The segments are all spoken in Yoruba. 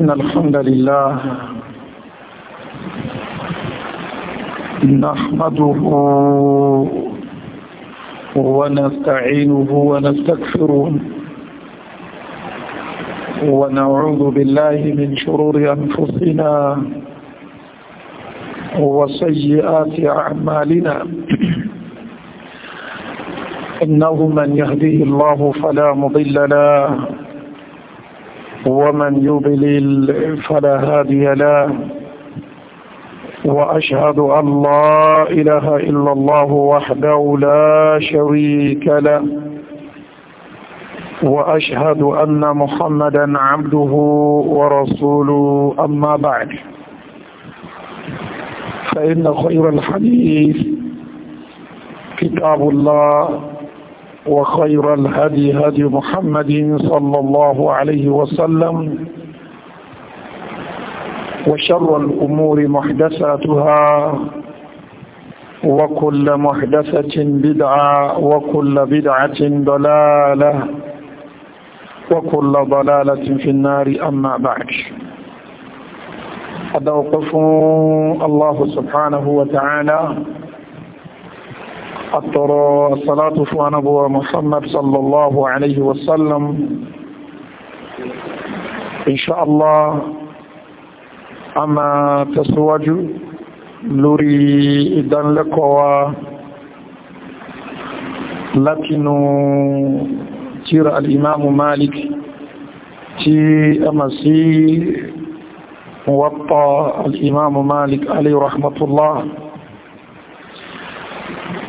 إن الحمد لله نحمده ونستعينه ونستكفره ونعوذ بالله من شرور أنفسنا وسيئات أعمالنا إنه من يهديه الله فلا مضل له ومن يضلل فلا هادي له وأشهد أن لا إله إلا الله وحده لا شريك له وأشهد أن محمدا عبده ورسوله أما بعد فإن خير الحديث كتاب الله وخير الهدي هدي محمد صلى الله عليه وسلم وشر الأمور محدثاتها وكل محدثة بدعة وكل بدعة ضلالة وكل ضلالة في النار أما بعد هذا وقف الله سبحانه وتعالى أترى الصلاة فوانبوى محمد صلى الله عليه وسلم إن شاء الله أما تسواج لوري إدان لكوا لكن تير الإمام مالك تي أمسي وطى الإمام مالك عليه رحمة الله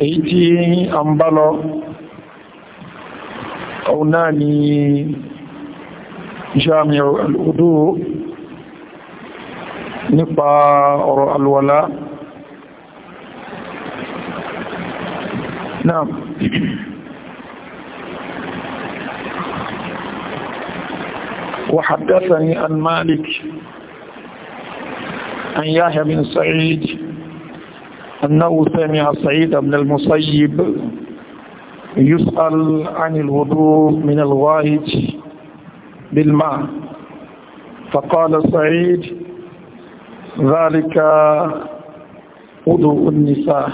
èyí tí a ń bá lọ ọun náà ni jami al'udu nípa ọ̀rọ̀ alwala náà وحدثني عن مالك عن يحيى بن سعيد أنه سمع سعيد بن المصيب يسأل عن الوضوء من الغائج بالماء فقال سعيد ذلك وضوء النساء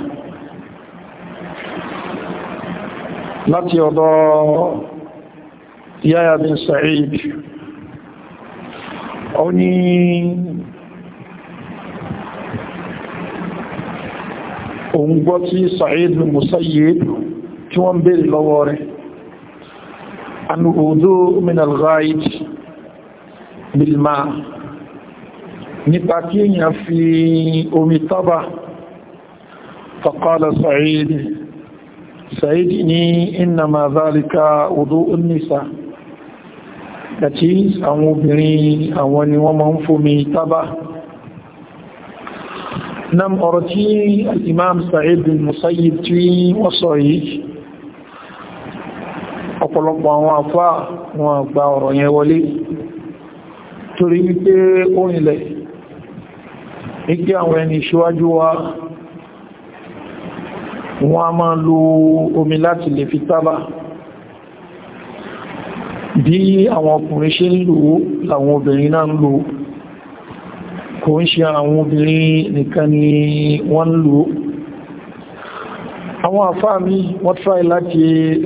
láti ọ̀dọ̀ يا بن سعيد ó òun gbọ́ tí Sa'id bin Musayyib tí wọ́n bèèrè lọ́wọ́ rẹ̀ anúhùdó min al-ghaid bilma nípa kí èyàn fi omi tábà faqala Sa'id Sa'id ní innama dhalika wudu an-nisa that àwọn obìnrin àwọn ni wọ́n máa ń fomi tábà nam ọ̀rọ̀ tí imam Sa'id bin Musayyib tí wọ́n sọ yìí ọ̀pọ̀lọpọ̀ àwọn afá wọn gba ọ̀rọ̀ yẹn wọlé torí wípé ó rìnlẹ̀ wípé àwọn ẹni ṣíwájú bí àwọn ọkùnrin ṣe ń lò láwọn obìnrin náà ń lò kò ń ṣe àwọn obìnrin nìkan ni wọ́n lò àwọn àfáàmí wọ́n try láti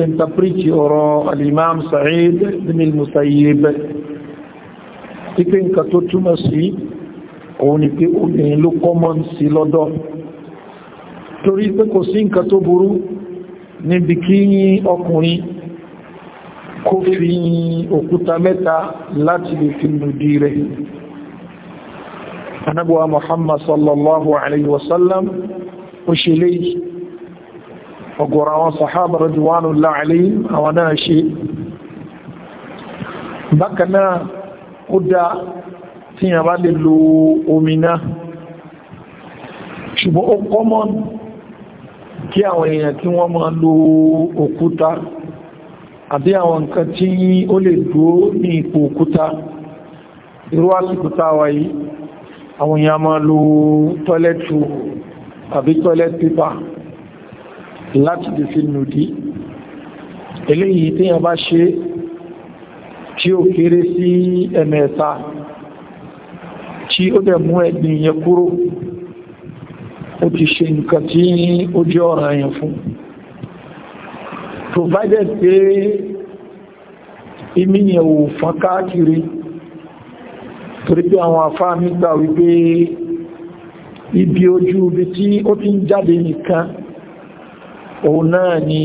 interpreti ọ̀rọ̀ al-imam Sa'id bin al-Musayyib pípé nǹkan tó túmọ̀ sí òun ni pé obìnrin ló kọ́mọ̀ sí lọ́dọ̀ torí pé kò sí nǹkan tó burú níbi kí ọkùnrin kó fi òkúta mẹ́ta láti lè fi nùdí rẹ̀ anábọ̀wà Muhammad sallallahu alayhi wasallam ó ṣe lè ọgọ̀rọ̀ àwọn sahaba radwanullahi alayhim àwọn náà ṣe bákanáà ó dá tí a bá lè lo omi náà ṣùgbọ́n ó kọ́mọ́ kí àwọn èèyàn tí wọ́n máa lo òkúta àbí àwọn nǹkan tí ó lè dúró ní ipò òkúta irú àsìkò tá àwọn èèyàn máa lo tọ́lẹ̀tù àbí toilet paper láti dì sí nùdí eléyìí tí a bá ṣe tí ó kéré sí ẹ̀mẹ̀ẹ̀ta tí ó dẹ̀ mú ẹ̀gbìn yẹn kúrò ó ti ṣe nǹkan tí ó jẹ́ ọ̀ràn yẹn fún provided pé imí yẹn ò fọ́n káàkiri torí pé àwọn afá mi gbà wípé ibi ojú ibi tí ó ti ń jáde nìkan òun náà ni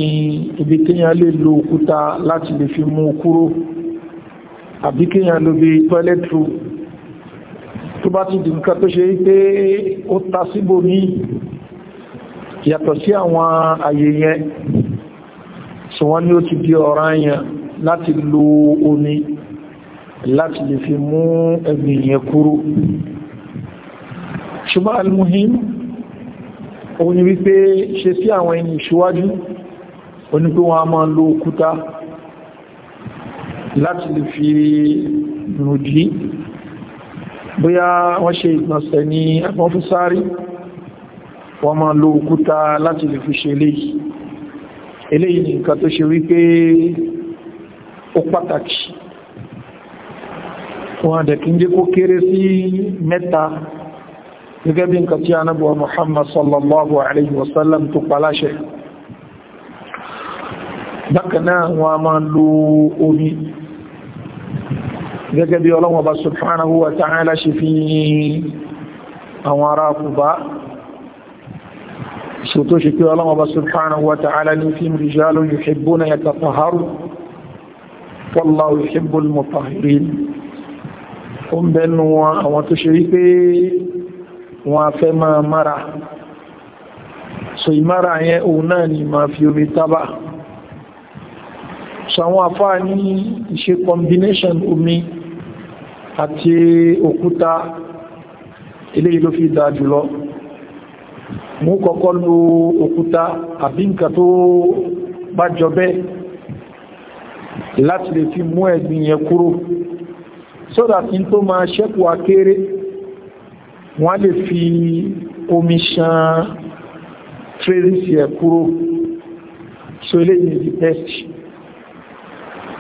ibi kíyàn lè lo òkúta láti lè fi mú kúrò àbí kíyàn ló bí tọ́lẹ́tù tó bá ti di tó ṣe wípé ó ta síbò ní yàtọ̀ sí àwọn àyè yẹn sọ wọ́n ní ó ti di ọ̀ranyàn láti lo omi láti lè fi mú ẹ̀gbìn yẹn kúrú ṣùgbọ́n almuhim òun ni wípé ṣe sí àwọn ẹni ìṣíwájú oní pé wọ́n a máa lo òkúta láti lè fi nùdí bóyá wọ́n ṣe ìgbọ̀nsẹ̀ ní ẹgbọ́n fún sáré wọ́n máa lo òkúta láti lè fi ṣe eléyìí eléyìí nìkan tó ṣe wípé ó pàtàkì wọn dẹ̀ kí n jẹ́ kó kéré sí mẹ́ta gẹ́gẹ́ bí nǹkan tí a nábọ̀ Muhammad sallallahu alayhi wa sallam tó paláṣẹ bákanáà wọn a máa lo omi gẹ́gẹ́ bí Ọlọ́hun Ọba subhanahu wa ta'ala ṣe fi àwọn ará Kùbá ṣòtó wallahu yuhibbul mutahhirin ó ń bẹnu wọn àwọn tó ṣe wípé wọn a fẹ́ máa mára so ìmára yẹn òun náà ni ma fi omi tábà so àwọn afá ní ìṣe combination omi àti òkúta eléyìí ló fi dáa jùlọ mú kọ́kọ́ lo òkúta àbí nǹkan tó bá jọ bẹ́ẹ̀ láti lè fi mú ẹ̀gbìn yẹn kúrò so that in tó máa ṣẹ́kù akéré wọ́n lè fi omi ṣan tírésì ẹ̀ kúrò so eléyìí is the best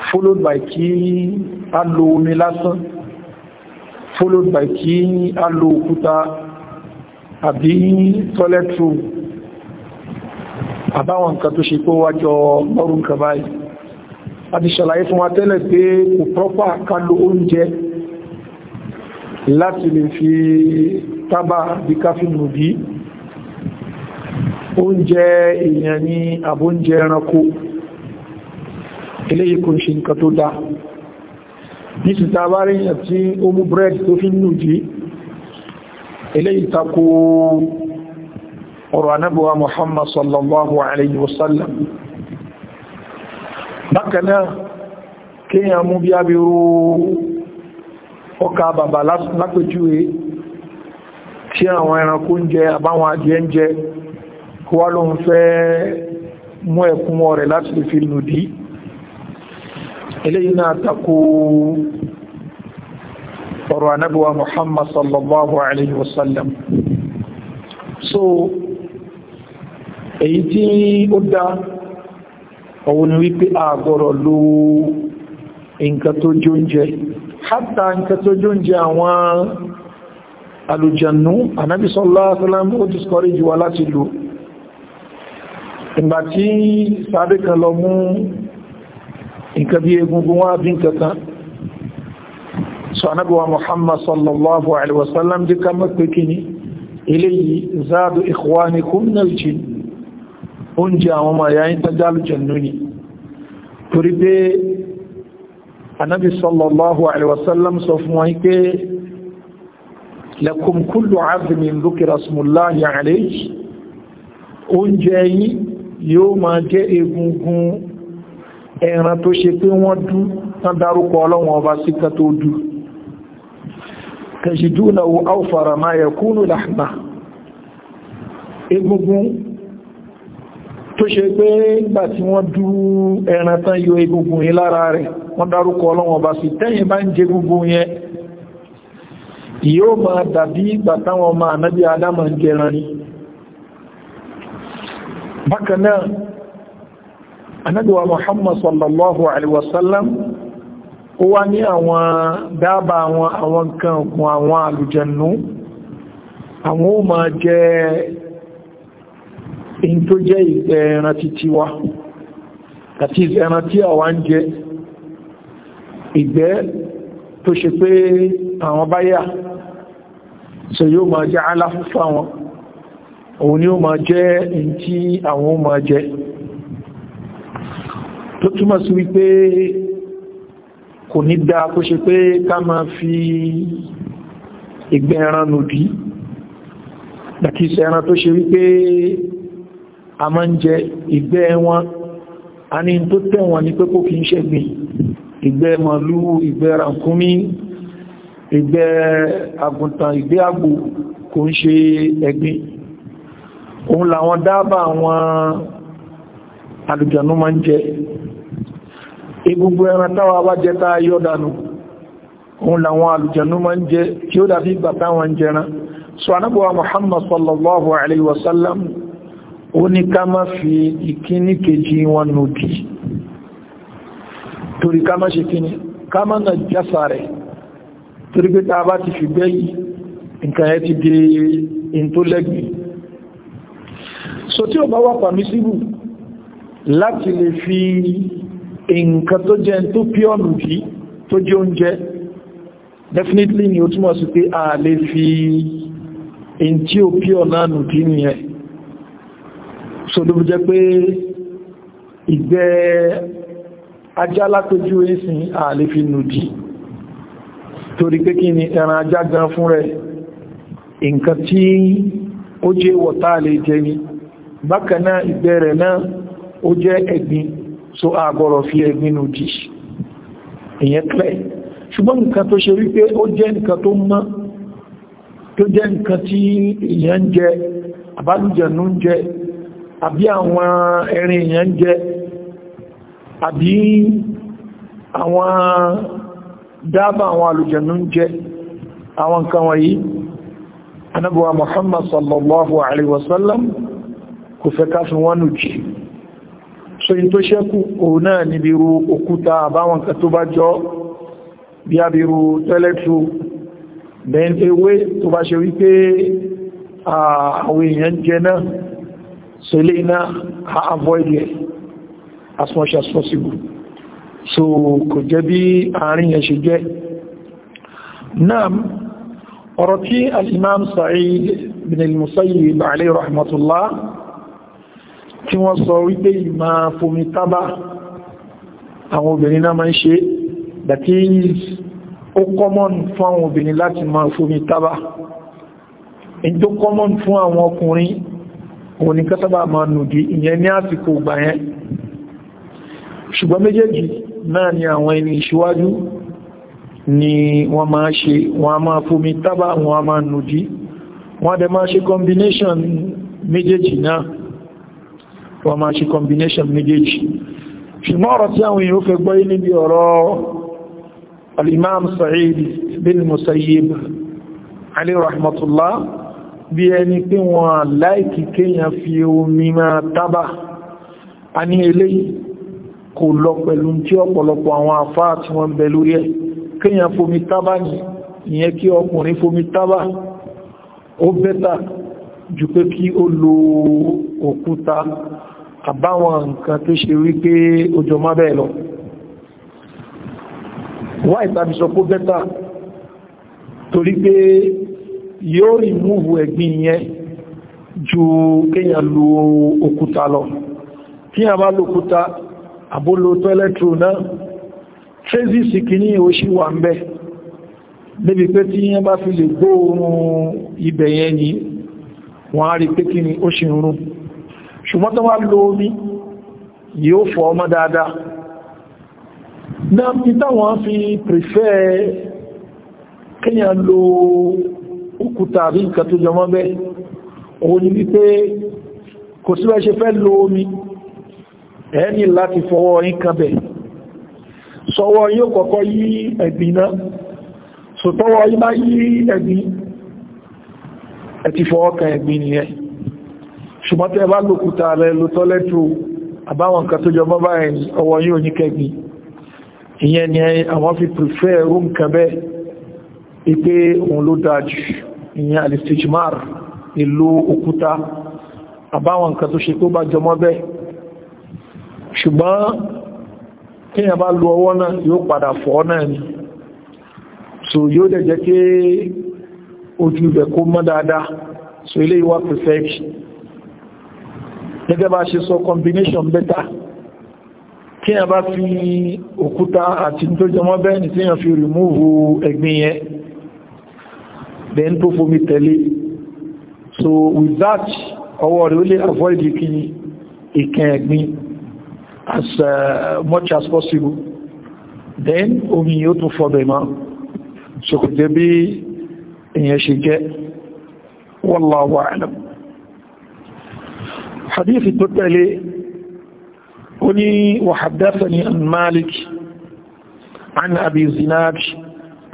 followed by kí a lo omi lásán followed by kí a lo òkúta àbí toilet room àbáwọn nǹkan tó ṣe pé wájọ lọ́rùn kàbáyì àti ṣàlàyé fún wa tẹ́lẹ̀ pé kò prọ́pà ká lo láti lè fi tábà bí káfínù bí oúnjẹ èèyàn ní àbóúnjẹ ẹranko eléyìí kò ṣe nǹkan tó dá nísìta bá rí èèyàn tí ó mú búrẹ́dì tó fi nù jí eléyìí tako ọ̀rọ̀ anábọ̀wà Muhammad sallallahu alayhi wasallam bákanáà kíyàn mú bí abirú ọkà bàbà lápẹjúwe tí àwọn ẹranko ń jẹ àbáwọn adìẹ ń jẹ wá ló ń fẹ́ mú ẹkún rẹ̀ láti lè fi lòdí eléyìí náà takò ọ̀rọ̀ anábíwa Muhammad sallallahu alayhi wasallam so èyí tí ó dá òun wípé àgọ́rọ̀ ló nǹkan tó jóúnjẹ hátà nǹkan tó jó ń jẹ àwọn alùjẹ̀nú anábì sallallahu alaihi wasallam ó discourage wa láti lò ìgbà tí sàábé kan lọ mú nǹkan bí egungun wá bí nǹkan kan so anábì wa Muhammad sallallahu alaihi wasallam dí ká mọ́ pé kíní eléyìí záàdù ikhwanikum minal jinn oúnjẹ àwọn ọmọ ìyá yìí tán ni torí pé anábi sallallahu alaihi wasallam sọ fún wọn pé lakum kullu azmin dhukira smullahi alayhi oúnjẹ yìí yóò máa jẹ́ egungun ẹran tó ṣe pé wọ́n dú tán dárúkọ ọlọ́wọ́n ọba síkà tó dú tajidunahu awfara ma yakunu lahma egungun tó ṣe pé ìgbà tí wọ́n dú ẹran tán yọ egungun yẹn lára rẹ̀ wọ́n dárúkọ ọlọ́wọ́n bá sí tẹ́yìn bá ń jẹ egungun yẹn yóò máa dàbí ìgbà táwọn ọmọ ànábí adámọ̀ ń jẹran ní bákan náà ànábì wa Muhammad sallallahu alaihi wasallam ó wá ní àwọn dábà àwọn nǹkan ọ̀gbọ̀n àwọn àlùjànnú àwọn ó máa jẹ in tó jẹ́ ẹran títí wa àti ẹran tí àwa ń jẹ ìgbẹ́ tó ṣe pé àwọn báyà so yóò máa jẹ́ aláfúfà wọn òun ni ó máa jẹ́ in tí àwọn ó máa jẹ tó túmọ̀ sí wípé kò ní dá kó ṣe pé ká máa fi ìgbẹ́ ẹran nù bí dàkí ìṣẹ́ tó ṣe wípé a ma ń jẹ ìgbẹ́ wọn a ní tó tẹ̀wọ̀n ní pé kò kí ń ìgbẹ́ màlú ìgbẹ́ ràkúnmí ìgbẹ́ àgùntàn ìgbẹ́ àgbò kò ń ṣe ẹ̀gbìn òun làwọn dábà àwọn àlùjànú ma ń jẹ egungun ẹran táwa wá jẹ táa yọ́ òun làwọn àlùjànú máa ń jẹ tí ó dàbí wọn jẹran anábọ̀wà Muhammad sallallahu alaihi wasallam ó ní ká má fi ìkíní kejì wọn nòdì torí ká má ṣe kíní ká má nà jásà rẹ̀ torí pé tàbá ti fi gbẹ́ yìí nǹkan ẹ ti di in so tí ó bá wà pàmísíbù láti lè fi nǹkan tó jẹ tó píọ̀nù yìí tó jẹ oúnjẹ definitely ni ó túnmọ̀ sí pé a lè fi in tí ó píọ̀ náà nù nìyẹn so ló jẹ́ pé ìgbẹ́ ajá látójú ìsìn àlefi nùdí torí pé kí ni ẹran ajá gan fún rẹ̀ nǹkan tí ó jẹ́ wọ̀tá lè jẹ ni bákanáà ìgbẹ́ rẹ̀ náà ó jẹ́ ẹ̀gbin so àgọ́rọ̀ fi ẹ̀gbin nùdí ìyẹn klẹ̀ ṣùgbọ́n nǹkan tó ṣe wípé ó jẹ́ nǹkan tó mọ́ tó jẹ́ nǹkan tí ìyẹn ń jẹ àbálùjẹ̀ ń jẹ àbí àwọn ẹ̀rin èèyàn ń jẹ àbí àwọn dábà àwọn àlùjànnú ń jẹ àwọn nǹkan wọ̀nyí anábọ̀wà Muhammad sallallahu alaihi wasallam kò fẹ́ ká fi wọ́n nù so yí tó ṣẹ́kù òun náà níbi ru òkúta àbáwọn kan tó bá jọ bí abiru tẹ́lẹ̀tù bẹ́ẹ̀ ewé tó bá ṣe wípé àwọn èèyàn jẹ náà so ilé iná a avoid it as much as possible so kò jẹ́ bí àárín yẹn ṣe jẹ́ náà ọ̀rọ̀ tí al-imam Sa'id bin al-Musayyib alayhi rahmatullah tí wọ́n sọ wípé ma fomi tábà àwọn obìnrin náà máa ń ṣe that is ó common fún àwọn obìnrin láti máa fomi tábà in tó common fún àwọn ọkùnrin òun ni kẹtàbà ma nùdí ìyẹn ní àsìkò ìgbà yẹn ṣùgbọ́n méjèèjì náà ni àwọn ẹni ìṣíwájú ni wọ́n máa ṣe wọ́n a máa fomi tábà wọ́n a máa nùdí wọ́n dẹ̀ máa ṣe combination méjèèjì náà wọ́n máa ṣe combination méjèèjì ṣùgbọ́n ọ̀rọ̀ tí àwọn èèyàn fẹ́ gbọ́ níbi ọ̀rọ̀ al-imam Sa'id bin Musayyib alayhi rahmatullah bí ẹni pé wọn láìkì kéèyàn fi omi máa tábà a ní eléyìí kò lọ pẹ̀lú tí ọ̀pọ̀lọpọ̀ àwọn àfáà tí wọ́n bẹ lórí ẹ̀ kéèyàn fomi tábà ní ìyẹn kí ọkùnrin fomi tábà ó bẹ́ta jù pé kí ó lo òkúta àbáwọn nǹkan tó ṣe wípé ojọ má bẹ́ẹ̀ lọ wá sọ pé bẹ́ta torí pé yóò rìmúvù ẹ̀gbin yẹn ju kéyàn lo òkúta lọ tí a bá lókúta àbólò tọ́ẹ̀lẹ́tro náà trézìsì kìíní ó ṣí wà ń bẹ́ níbi pé tí yẹn bá fi lè gbóòrùn ibẹ̀ yẹn ni wọ́n á rí pé kí ni ó ṣe ń rún ṣùgbọ́n tó wá lo omi yóò fọ ọmọ dáadáa náà ní táwọn fi prefer kéyàn lo òkúta àbí nǹkan tó jọmọ́ bẹ́ẹ̀ òun ni wípé kò sí wẹ́ ṣe fẹ́ lo omi ẹni láti fọwọ́ yín kan bẹ̀ sọwọ́ yín ó kọ́kọ́ yí ẹ̀gbìn náà sọtọ́wọ́ yín bá yí ẹ̀gbìn ẹ̀tì fọwọ́ kan ẹ̀gbìn nìyẹn ṣùgbọ́n tẹ́ bá lòkúta rẹ̀ lo tọ́lẹ́tù àbáwọn nǹkan tó jọmọ́ báyìí ọwọ́ yín ò ní kẹ́gbìn ìyẹn ni àwọn fi prefer room kan bẹ́ẹ̀ ipé òun ló dájú ìyẹn alistijmar ìlú òkúta àbáwọn nǹkan tó ṣe tó bá jọmọ́ bẹ́ ṣùgbọ́n kíyàn bá lu ọwọ́ náà yóò padà fọ́ náà ni so yóò dẹ̀ jẹ́ kí ojú ibẹ̀ kó mọ́ dáadáa so ilé ìwà perfect gẹ́gẹ́ bá ṣe sọ combination better kí a bá fi òkúta àti tó jọmọ́ bẹ́ẹ̀ni tí yàn fi remove ẹ̀gbìn yẹn then tó fomi tẹ̀lé so with that ọwọ́ rẹ̀ ó lè avoid ìkẹ́ ẹ̀gbin as uh, much as possible then omi yóò tún fọ́bẹ̀ máa so kò jẹ́ bí èyàn ṣe jẹ́ wallahu a'lam hadithi tó tẹ̀lé ó ní wàhàdáfẹ́ni an malik an abi zinaj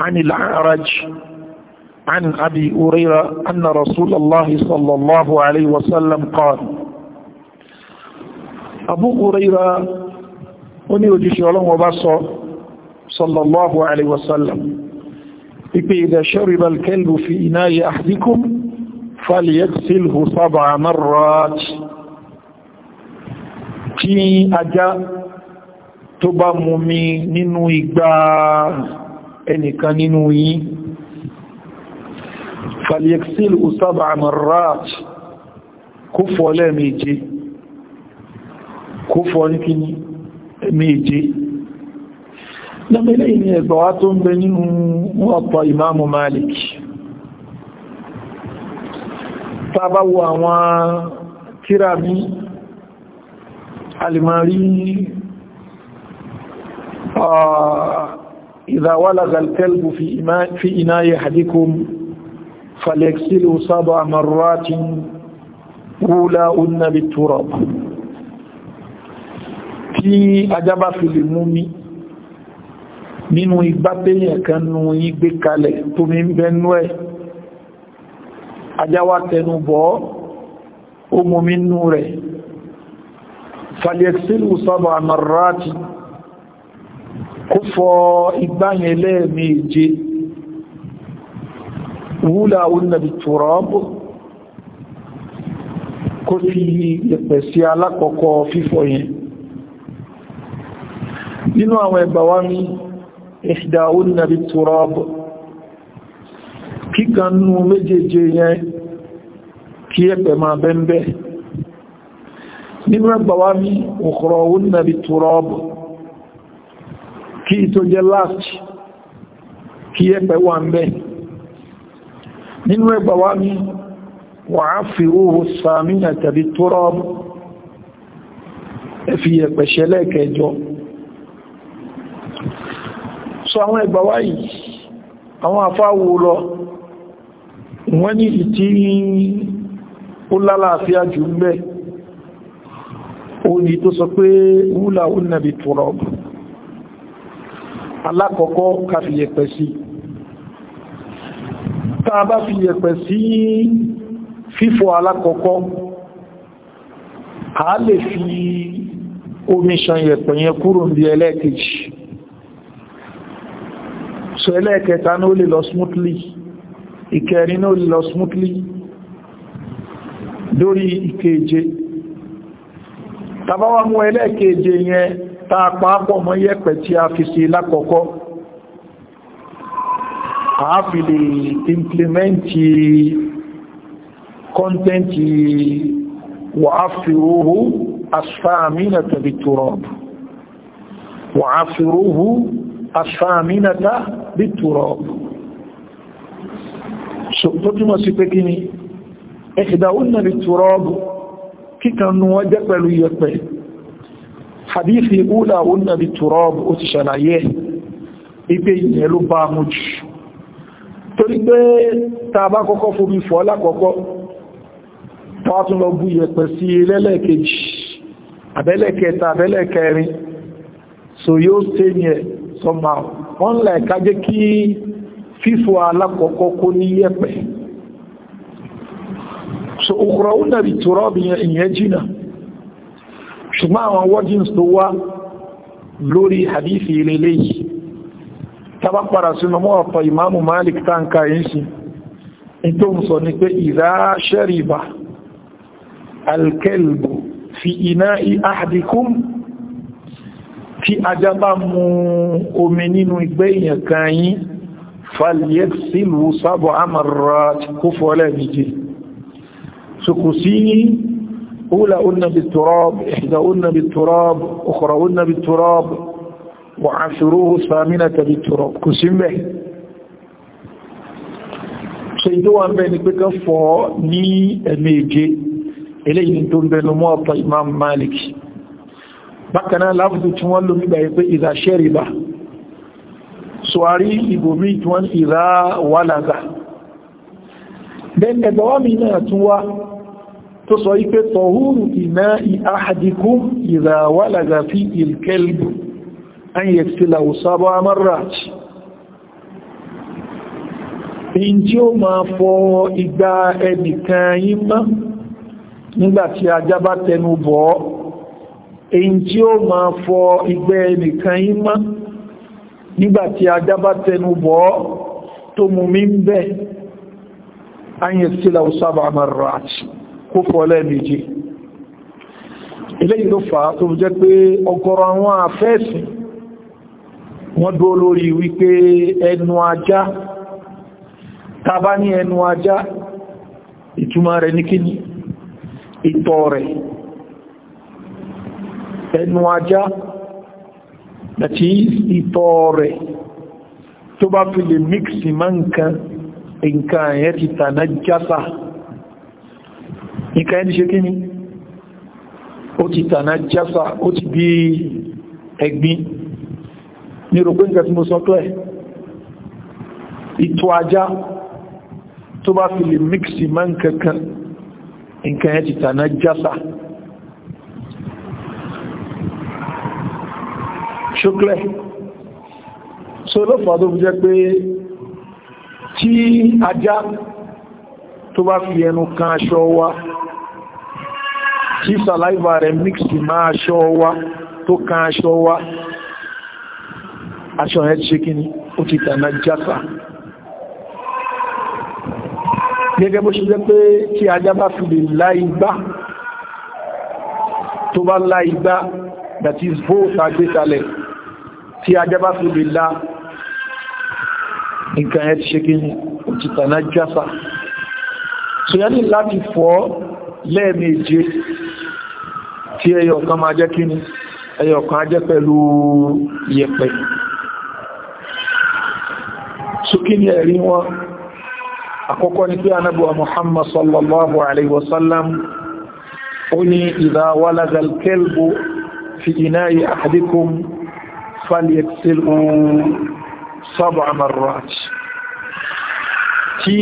an al-a'raj عن أبي أريرة أن رسول الله صلى الله عليه وسلم قال أبو أريرة أني وجيش الله وبصر صلى الله عليه وسلم إذا شرب الكلب في إناء أحدكم فليغسله سبع مرات kí ajá تبا bá mú mi nínú igbá ẹnìkan nínú فليكسل سبع مرات كفوا لا ميتي كفوا لكن ميتي لما لأني أدوات بين موطى إمام مالك تبوى وكرامي المالي آه، إذا ولغ الكلب في إناء أحدكم فليغسله سبع مرات أولاهن بالتراب tí ajá bá fi lè mú mi nínú igbá téèyàn kan nú igbé kalẹ̀ tó mi ń bẹnú ẹ̀ ajá wá tẹnu bọ́ ó mú mi nú rẹ̀ fàlẹ̀sílù sábà àmàrà ti kó fọ igbá yẹn lẹ́ẹ̀mẹ́je wúláwúnà bí tùrọ́bù kó fi ìpẹ̀ sí alákọ̀ọ́kọ́ fífọ̀ yẹn nínú àwọn ẹgbà wá ní ìdáwúnà bí tùrọ́bù kíkanú méjèèjì yẹn kí ẹ̀pẹ̀ máa bẹ́m̀bẹ́ nínú ẹgbà wá ní òkúrọ̀wúnà bí tùrọ́bù kí ìtò láti kí ẹ̀pẹ̀ wà ń nínú ẹgbà wá ní wà á fi oòrò sàmínà tàbí tórọ́bù ẹ fi ẹ̀pẹ̀ṣẹ́ lẹ́ẹ̀kẹjọ so àwọn ẹgbà wá yìí àwọn afáwò lọ wọ́n ní ìtí ó lálàáfíà jù ń bẹ́ ó tó sọ pé wúlà ó nàbí tórọ́bù alákọ̀ọ́kọ́ káfíyẹ̀pẹ̀ sí tàà bá fi yẹ̀pẹ̀ sí fífò alákọ̀ọ́kọ́ a lè fi omi ṣan yẹ̀pẹ̀ yẹn kúrò bí ẹlẹ́ẹ̀kejì so ẹlẹ́ẹ̀kẹta ní ó lè lọ smoothly ìkẹrin ní ó lè lọ smoothly lórí ìkeje tàbá mú ẹlẹ́ẹ̀keje yẹn tàà pàápọ̀ mọ́ yẹ̀pẹ̀ tí a fi sí lákọ̀ọ́kọ́ àáfi lè implementi kọ́ntẹ́ntì wà á fi rúhú asfáàmínà tàbí tùrọ̀bù wà á fi rúhú asfáàmínà tàbí tùrọ̀bù so tó túnmọ̀ sí pé kí ni ẹ̀kìdáwọ́nà bí tùrọ̀bù kíkànnú wọ́n jẹ́ pẹ̀lú yẹ̀pẹ̀ hadithi ula wọ́nà bí tùrọ̀bù ó ti ṣàlàyé ipe ìyẹ̀lú bá mú jù torí pé tàbá kọ́kọ́ fomi fọ́ lákọ́kọ́ tààtún lọ bú yẹ̀pẹ̀ sí lẹ́lẹ́kejì abẹ́lẹ́kẹta abẹ́lẹ́kẹrin so yóò stay near somehow wọ́n lẹ̀ kájẹ́ kí fífò alákọ̀ọ́kọ́ kó ní yẹ̀pẹ̀ so òkúrọ̀ ó nàbì tó rọ́bì ìyẹn jìnà ṣùgbọ́n àwọn wọ́díns tó wá lórí hadithi ilé léyìí tàbá padà sínú mọ́ ọ̀pọ̀ ìmáàmù Malik tánkà yìí in tó ń sọ ní pé ìdá ṣẹ́rìbà alkelbu fi iná ahadikum tí ajá bá mu omi nínú ìgbẹ́ èèyàn kan yí falyek sílù sábọ̀ amàrà kó fọ́lẹ̀ méje sùkù sí wà á ṣòro sàmínà tàbí tọrọ kò sí mẹ́ ṣe tó wà mẹ́ ni pé ká fọ́ ní ẹ̀mẹ́je eléyìí tó ń bẹnu mọ́ ọ̀pọ̀ Imam Malik bákaná lábùdó tí wọ́n lómi gbà pé ìdá ṣẹ́rìbà sọ̀rí ìbòmí tí wọ́n ìdá wàlàgà bẹ́ẹ̀ ẹgbẹ̀wàmí náà tún wá tó sọ ipé tọ̀húrù ìná ìhàdìkún ìdá wàlàgà fi ìlkẹ́lbù an yẹ sílá òsábọ́ amárà in tí ó máa fọ ìgbà ẹnìkan yí mọ́ nígbàtí ajá bá tẹnu bọ́ èyí tí ó máa fọ ìgbẹ́ ẹnìkan yí mọ́ nígbàtí ajá bá tẹnu bọ́ tó mú mi bẹ́ an yẹ sílá òsábọ́ amárà kó fọ lẹ́ẹ̀mejì ilé ìlú fàá tó jẹ́ pé ọ̀gọ̀rọ̀ àwọn àfẹ́sìn wọ́n dúró lórí wípé ẹnu ajá tàbá ní ẹnu ajá ìtumọ̀ rẹ̀ ní kíní ìtọ̀ rẹ̀ ẹnu ajá àti ìtọ̀ rẹ̀ tó bá fi lè mìkìsì má nǹkan nǹkan ẹ̀yẹ ti tànà jásà nǹkan ẹni ṣe kíní ó ti tànà jásà ó ti bí ẹgbín ní rògbé nǹkan tí mo sọ pẹ́ ìtò ajá tó bá fi lè mixi mọ́ nǹkankan nǹkan ẹ̀ ti tànà jásà ṣóklẹ̀ so ló tó fi jẹ́ pé tí ajá tó bá fi ẹnu kan aṣọ wa tí saliva rẹ̀ mixi máa aṣọ wa tó kan aṣọ wa aṣọ yẹn ti ṣe kí ni ó ti tànà jásà gẹ́gẹ́ bó ṣe jẹ́ pé tí ajá bá fi lè láìgbá tó bá láìgbá that is both agbétalẹ̀ tí ajá bá fi lè lá nǹkan ẹ̀ ti ṣe kí ni ó ti tànà jásà so yẹ́ ní láti fọ́ lẹ́ẹ̀méje tí ẹyọ kan máa jẹ́ kí ni ẹyọ kan á jẹ́ pẹ̀lú yẹ̀pẹ̀ ṣókí ní ẹ̀rí wọn àkọ́kọ́ ni pé anábíwa Muhammad sallallahu alaihi wasallam ó ní idha walaga al-kalbu fi ina'i ahadikum falyaghsilhu sab'a marrat tí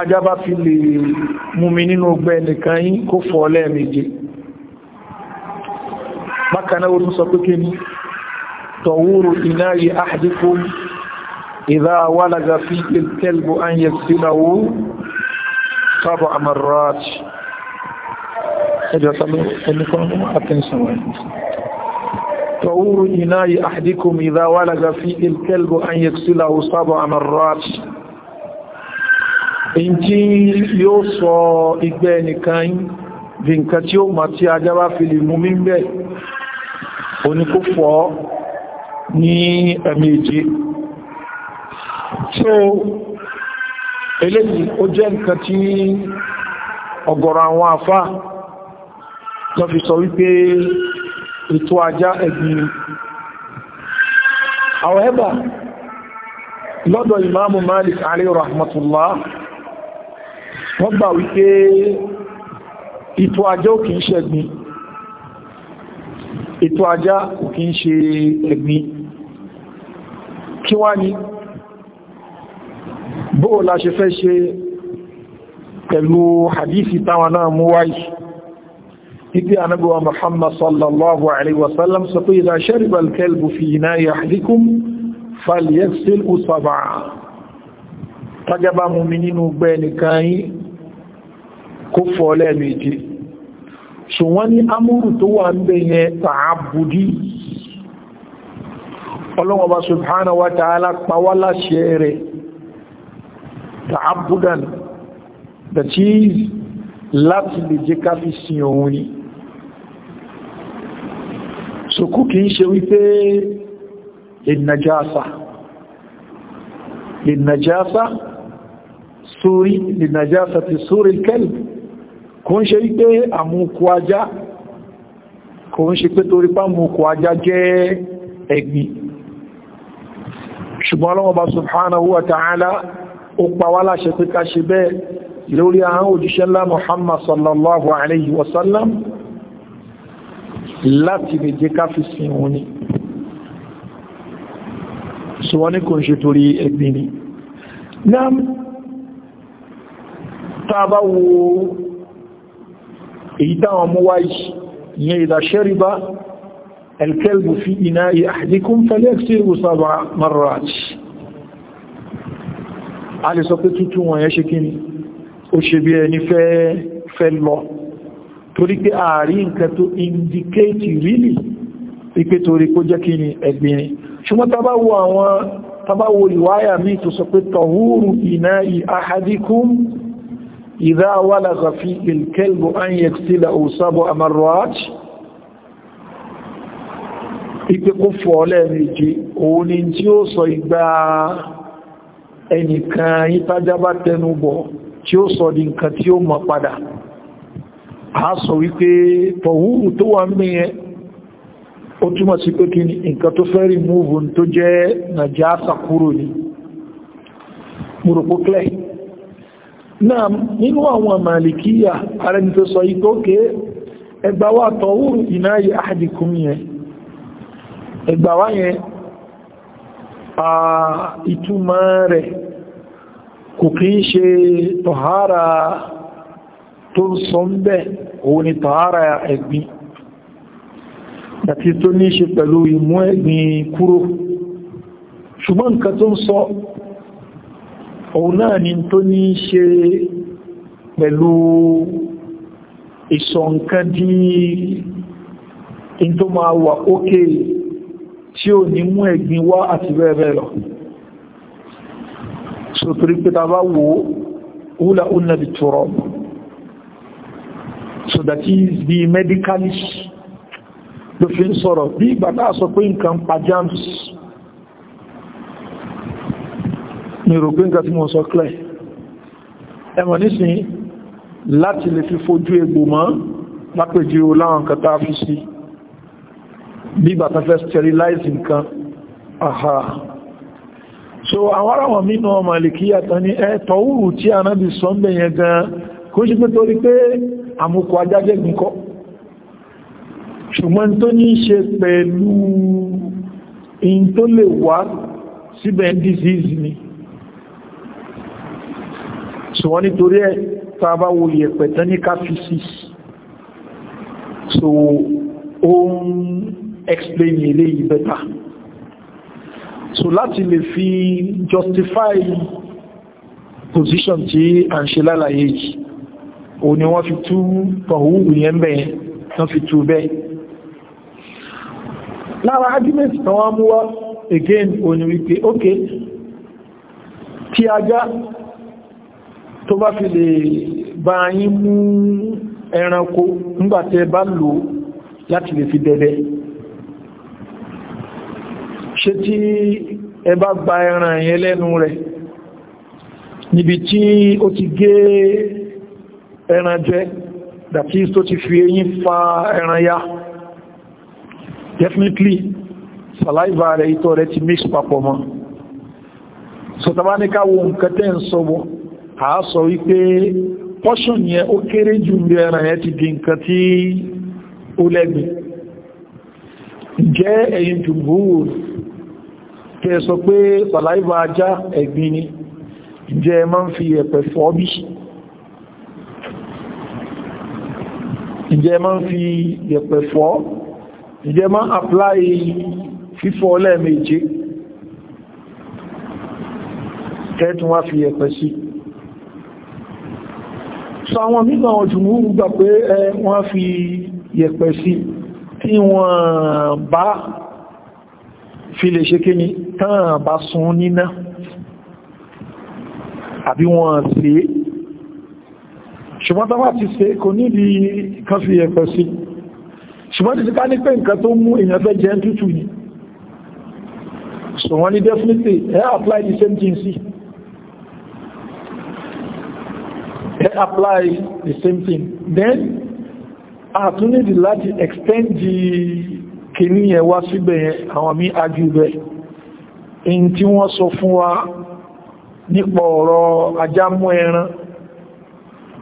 ajá bá fi lè múmi nínú ọgbẹ́ nìkan yí kó fọ̀ lẹ́ẹ̀méje bákanáwó tún sọ pé kí ni tọ̀wúrù ina'i ahadikum إذا ولد فيه الكلب أن يغسله سبع مرات طعور إناء أحدكم إذا ولد فيه الكلب أن يغسله سبع مرات Ìntí yóò sọ ìgbẹ́ ẹnìkan bí nǹkan tí ó máa tí ajá bá fi lè mú ẹ̀mẹ́jì. so eléyìí o je nkan ti ọ̀gọ̀rọ̀ àwọn afa tó fi sọ wípé ètò ajá ẹ̀gbìn however lọ́dọ̀ ìmáàmù Malik alayhi rahmatullah wọ́n gbà wípé aja ajá ò kìí ṣe ẹ̀gbìn ètò ajá ò kìí ṣe ẹ̀gbìn kí wá ní bóò la ṣe fẹ́ ṣe pẹ̀lú hadithi táwọn náà mú wáyé ibi anábíwa muhammad sallallahu alaihi wasallam sọ pé idha shariba al-kalbu fi ina'i ahadikum falyaghsilhu sab'a tájábá mú mi nínú gbẹ́ nìkan kó fọ̀ lẹ́ẹ̀mejì ṣùgbọ́n ní amúrù tó wà ń bẹ̀ tààbùdí ọlọ́wọ́ subhanahu wa ta'ala pàwálàṣẹ́ rẹ̀ ta'abudan that is láti lè jẹ́ ká fi sin òun ni sòkú kìí ṣe wípé ìnàjáṣà ìnàjáṣà sórí ìnàjáṣà ti sórí kẹ́lì kò ń ṣe wípé àmúkù ajá kò ń ṣe pé torí pá múkù ajá jẹ́ ẹ̀gbìn ṣùgbọ́n ọlọ́wọ́ bá subhanahu wa ta'ala ó pa wá láṣẹ pé ká ṣe bẹ́ẹ̀ lórí àwọn òjíṣẹ́ ńlá Muhammad sallallahu alayhi wa sallam láti lè jẹ́ ká fi sin wọn ni so wọ́n ní kò ń ṣe torí ẹgbìn ni náà tàbá wo èyí táwọn mú wáyé ìyẹn ìdáṣẹ́rí bá الكلب في إناء أحدكم فليكسره سبع مرات a lè sọ pé tútù wọn yẹn ṣe kíni ó ṣe bí ẹni fẹ́ lọ torí pé ààrí nǹkan tó indicate really ipé torí kó jẹ́ kíni ẹgbìnrin ṣùgbọ́n tàbá wo àwọn tàbá wo ìwáyà míì tó sọ pé tọ̀húrù ìná ahadikum idha walagha ẹnìkan ìtajábá tẹnubọ̀ tí ó sọ di nǹkan tí ó mọ̀ padà a sọ wípé tọ̀húrù tó wà mẹ́yẹn ó túnmọ̀ sí pé kí ni nǹkan tó fẹ́ rí múùbù tó jẹ́ nàjásà kúrò ní náà nínú àwọn màlìkíyà ara ní tó sọ ẹgbàwà tọ̀húrù ìnáyì yẹn ẹgbàwà kò kí ń ṣe tọ̀hárà tó ń sọ ń bẹ́ òun ni tọ̀hárà ẹ̀gbin àti tó ní ṣe pẹ̀lú ìmú ẹ̀gbin kúrò ṣùgbọ́n nǹkan tó ń sọ òun náà ni tó ní ṣe pẹ̀lú ìsọ nǹkan dí in máa wà ókè tí ò ní mú ẹ̀gbin wá àti bẹ́ẹ̀ bẹ́ẹ̀ lọ sotori pé ta bá wo húlà húnà bí tọrọ so that is the medicalist The fi ń sọ̀rọ̀ bí ìgbà náà sọ pé nǹkan pa germs ní ìrògbé nǹkan tí mo sọ clear ẹmọ̀ nísìn láti lè fi fojú egbò mọ́ lápèjì o láwọn a fi sí bí ìgbà tán fẹ́ sterilize nǹkan so àwọn ará wọn nínú ọmọ àlèkíyà tán ní ẹ̀tọ́ òwúrù tí a náà bí sọ ń bẹ̀yẹn gan kó ṣe pé torí pé àmúkọ ajájẹ́gbìn kọ́ ṣùgbọ́n tó ní ṣe pẹ̀lú in tó lè wá síbẹ̀ disease ni so wọ́n nítorí ẹ̀ tàbá wo yẹ̀pẹ̀ tán ní káfíṣìs so ó ń explain ilé yìí better so láti lè fi justify position tí a ń ṣe lálàyé yìí o ni wọ́n fi tú pọ̀húwù yẹn bẹ́ẹ̀ wọ́n fi tú bẹ́ẹ̀ lára argument náà wọ́n mú wá again o ni wípé ok tí ajá tó bá fi lè bá yín mú ẹranko nígbàtẹ́ bá lò láti lè fi dẹ̀dẹ̀ ṣe tí ẹ gba ẹran yẹn lẹ́nu rẹ̀ níbi tí ó ti gé ẹran jẹ dàtí tó ti fi eyín fa ẹran ya definitely saliva rẹ̀ ìtọ̀ rẹ̀ ti mix papọ̀ mọ́ sọ̀tàbáníká wo nǹkan tẹ́ ń sọ a sọ wípé portion yẹn ó kéré jù ní ẹran yẹn ti di nǹkan tí ó lẹ́gbẹ̀ẹ́ jẹ́ ẹ̀yìn kẹ sọ pé sàláìbà ajá ẹ̀gbin ni jẹ ma ń fi ẹ̀pẹ̀ fọ́ bí ìjẹ ma ń fi ẹ̀pẹ̀ fọ́ ìjẹ ma ń apply fífọ́ lẹ́ẹ̀mejì kẹtùn wá fi ẹ̀pẹ̀ sí sọ àwọn mímọ̀ àwọn jùmúrù gbà pé wọ́n fi yẹ̀pẹ̀ sí tí wọ́n bá fi lè ṣe kí ni tán bá sun níná àbí wọ́n sí ṣùgbọ́n tánwà ti ṣe kò níbi kan fi ẹ̀pẹ̀ sí ṣùgbọ́n ti ká ní pé nǹkan tó mú èèyàn fẹ́ jẹ́ tútù ni so wọ́n ní definitely ẹ apply the same thing sí ẹ apply the same thing then a tún nídi láti extend the kìní yẹn wá síbẹ̀ yẹn àwọn mí ajú rẹ̀ in tí wọ́n sọ fún wa nípa ọ̀rọ̀ ajámú ẹran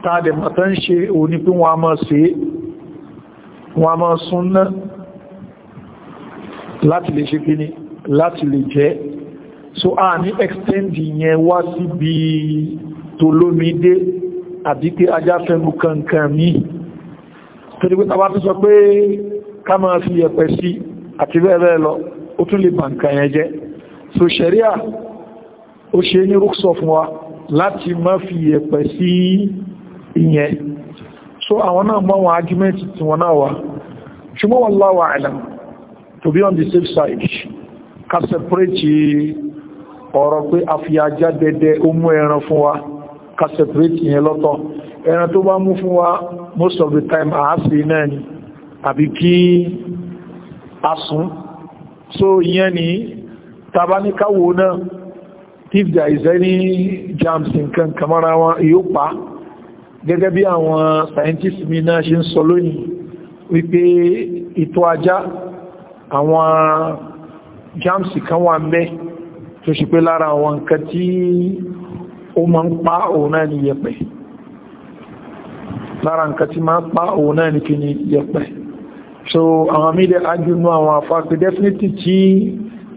tààdẹ̀ mọ̀tá ń ṣe òní pé wọ́n a máa ṣe wọ́n a máa súnná láti lè ṣe kìní láti lè jẹ́ so a ní extend yẹn wá síbi tolómídé àbí pé ajáfẹ́mù kankan mi torí pé ká máa fi yẹ̀pẹ̀ sí àti bẹ́ẹ̀bẹ́ẹ̀ lọ ó tún lè bàǹkà yẹn jẹ́ so ṣẹ̀ríà ó ṣe ní rúksọ fún wa láti má fi yẹ̀pẹ̀ sí ìyẹn so àwọn náà mọ́ wọn argument tí wọ́n náà wà ṣùgbọ́n wallahu a'lam to be on the safe side ká separate ọ̀rọ̀ pé a fi ajá dẹdẹ ó ẹran fún wa ká separate yẹn lọ́tọ̀ ẹran tó bá mú fún wa most of the time àásì náà ni tàbí kí asùn so ìyẹn ni tabaníkáwò náà if there is any germs nǹkan kamara wọn yóò pa gẹ́gẹ́ bí àwọn scientists mi náà ṣe ń sọ lónìí wípé ìtọ́ ajá àwọn germs kan wà ń bẹ tó ṣe pé lára àwọn nǹkan tí ó máa ń pa òun náà ni yẹ̀pẹ̀ lára nǹkan tí máa ń pa òun náà ni kí ni yẹ̀pẹ̀ so àwọn mílẹ̀ ajúnú àwọn àfáàpẹ̀ definitely tí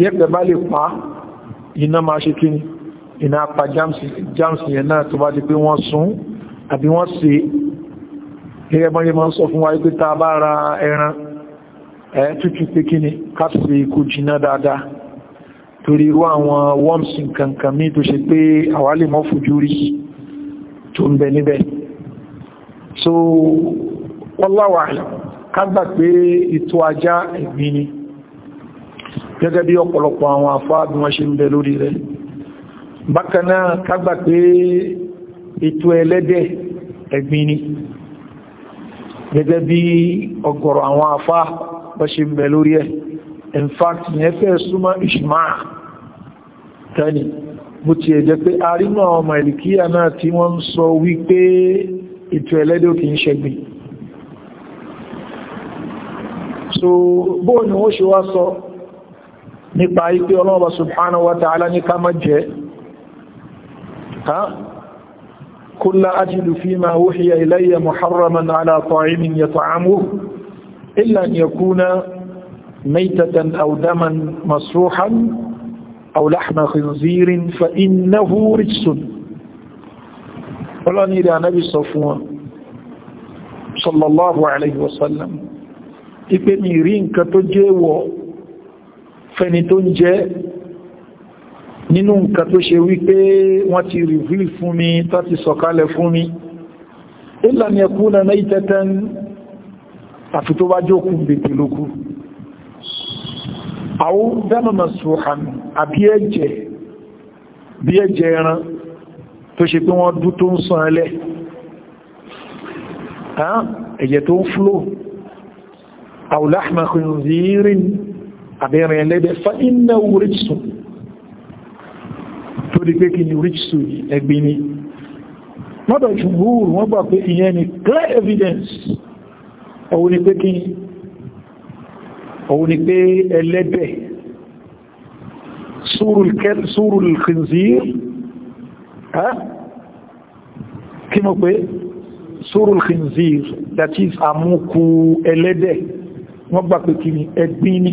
yẹ́pẹ̀ bá lè pa iná máa ṣe kí iná pa jamsi yẹn náà tó bá di pé wọ́n sún àbí wọ́n sí gẹ́gẹ́ bọ́n yẹ máa ń sọ fún wa pé ta bá ra ẹran ẹ̀ tútù pé kí ni káàsì kò jìnà dáadáa torí irú àwọn worms kankan mí tó ṣe pé àwa lè mọ́ fojú rí tó ń bẹ níbẹ̀ so wallahu a'lam kágbà pé ìtọ̀ ajá ẹ̀gbin ni gẹ́gẹ́ bí ọ̀pọ̀lọpọ̀ àwọn àfáà bí wọ́n ṣe ń bẹ lórí rẹ̀ bákan náà kágbà pé ìtọ̀ ẹlẹ́dẹ̀ ẹ̀gbin ni gẹ́gẹ́ bí ọ̀gọ̀rọ̀ àwọn àfáà bọ́ ṣe ń bẹ lórí ẹ̀ in fact yẹn fẹ́ súnmọ́ ìṣmá tẹ́ni bó ti ẹ̀jẹ́ pé arínà ọmọ ìlìkíyà náà tí wọ́n ń sọ wípé ìtọ̀ ẹlẹ́dẹ̀ ò kìí ṣẹ̀gbin so bóò ni ó ṣe wá sọ nípa ipé ọlọ́ọ̀bà subhanahu wa ta'ala ní ká má jẹ kulla ajidu fima wuhiya ilayya muharraman ala ta'imin yata'amuhu illa an yakuna maytatan aw daman masruhan aw lahma khinzirin fa innahu rijsun ọlọ́ni ilẹ̀ anábi sọ fún wọn sallallahu alaihi wasallam ipé mi rí nǹkan tó jẹ́ wọ fẹni tó ń jẹ́ nínú nǹkan tó ṣe wípé wọ́n ti reveal fún mi tó ti sọ̀kalẹ̀ fún mi ìlànà ẹkú na náà ìtẹ́tẹ́ àfi tó bá jókù bèbè lókù àwọn dánàmà sùhàn àbí ẹ̀jẹ̀ bí ẹ̀jẹ̀ tó ń sàn aw lahma khinzirin àbẹ̀rẹ̀ ẹlẹ́dẹ̀ fa innahu rijsun tó di pé kí ni ríṣù ẹgbẹ́ ni mọ́dọ̀ jùmúrù wọ́n gbà pé ìyẹn ni clear evidence ọwọ́ ni pé kí ni ọwọ́ ni pé ẹlẹ́dẹ̀ súrùl khinzir kí mọ̀ pé súrùl khinzir that is àmúkù ẹlẹ́dẹ̀ wọ́n gbà pé kí ni ẹgbín ní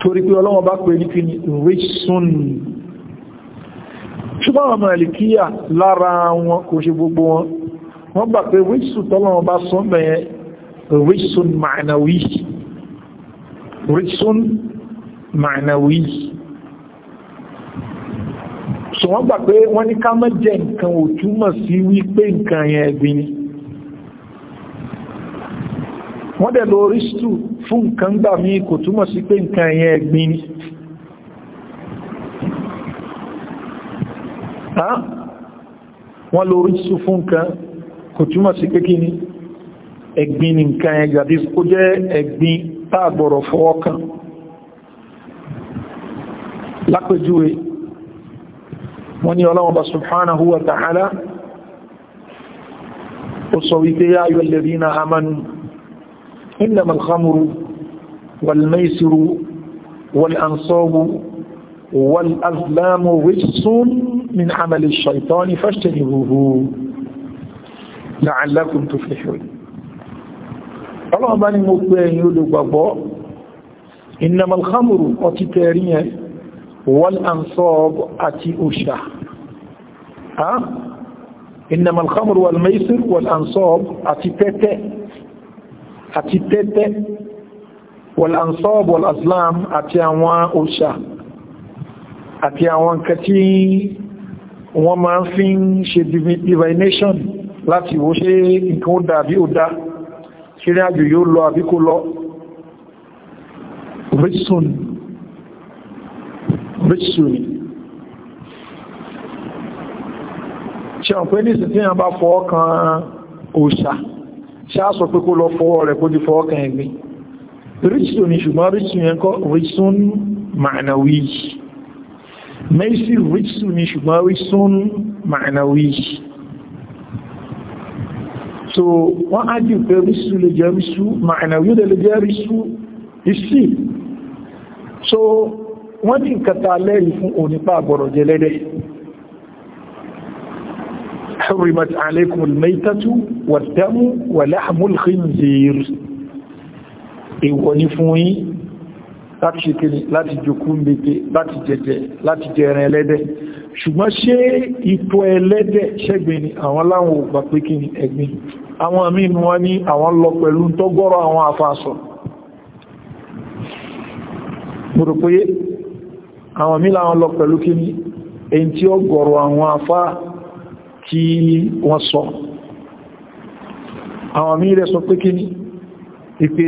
torí pé ọlọ́wọ́n bá pè ní kí ni ríṣùn ṣùgbọ́n àwọn Màlíkíyà lára wọn kò ṣe gbogbo wọn wọ́n gbà pé ríṣùn tọ́lọ́wọ́n bá sọ mẹ́yẹn ríṣùn ma'nawi ríṣùn ma'nawi ṣùgbọ́n gbà wọ́n dẹ̀ lo orísítù fún nǹkan gbà mí kò túmọ̀ sí pé nǹkan ẹ̀yẹn ẹ̀gbin ni wọ́n lo orísítù fún nǹkan kò túmọ̀ sí pé kí ni ẹ̀gbin ni nǹkan ẹ̀gbà bí kó jẹ́ ẹ̀gbin táàgbọ̀rọ̀ fọwọ́ lápẹjúwe wọ́n ní ọlọ́wọ́ba ta'ala ó sọ wípé yá ayyuhal ladhina amanu إنما الخمر والميسر والأنصاب والأظلام رجس من عمل الشيطان فاجتنبوه لعلكم تفلحون الله بني مطبعين يقولوا بابا إنما الخمر أتتارية والأنصاب أتي أشاه ها إنما الخمر والميسر والأنصاب أتتتة àti tẹ́tẹ́ wọ̀lànsọ́ọ̀bù wọ̀làslam àti àwọn òṣà àti àwọn nǹkan tí wọ́n máa fi ń ṣe divination láti wo ṣe nǹkan ó dá àbí ó dá ṣírí àjò yóò lọ àbí kó lọ rísùn rísùn ṣe ọ̀pẹ́ ní ìsìn tí bá fọ́ kan òṣà ṣáàsọ pé kó lọ fọwọ́ rẹ̀ kó di fọwọ́ kan ẹgbẹ́ ríṣtò ní ṣùgbọ́n ríṣtò yẹn kọ́ ríṣtún ma'anawi mẹ́sí ríṣtò ní ṣùgbọ́n ríṣtún ma'anawi so wọ́n á jù pé ríṣtò lè jẹ́ ríṣtò ma'anawi lè lè jẹ́ ríṣtò ìsì so wọ́n ti kàtà lẹ́rìí fún onípa àgbọ̀rọ̀ jẹ́lẹ́dẹ́ حرمت عليكم الميتة والدم ولحم الخنزير èwọ̀ ní fún yín láti ṣekiri láti jòkú mbètè láti jẹjẹ láti jẹrin ẹlẹ́dẹ̀ ṣùgbọ́n ṣe ìtọ̀ ẹlẹ́dẹ̀ ṣẹ́gbìn ni àwọn láwọn ògbà pé kí ni ẹ̀gbìn àwọn amínú wọn ní àwọn lọ pẹ̀lú tọ́gọ́rọ̀ àwọn afáṣọ àwọn mí láwọn lọ pẹ̀lú kí ni èyí tí ó gọ̀rọ̀ àwọn afáṣọ tí wọ́n sọ àwọn mí rẹ̀ sọ pé kí ní ipé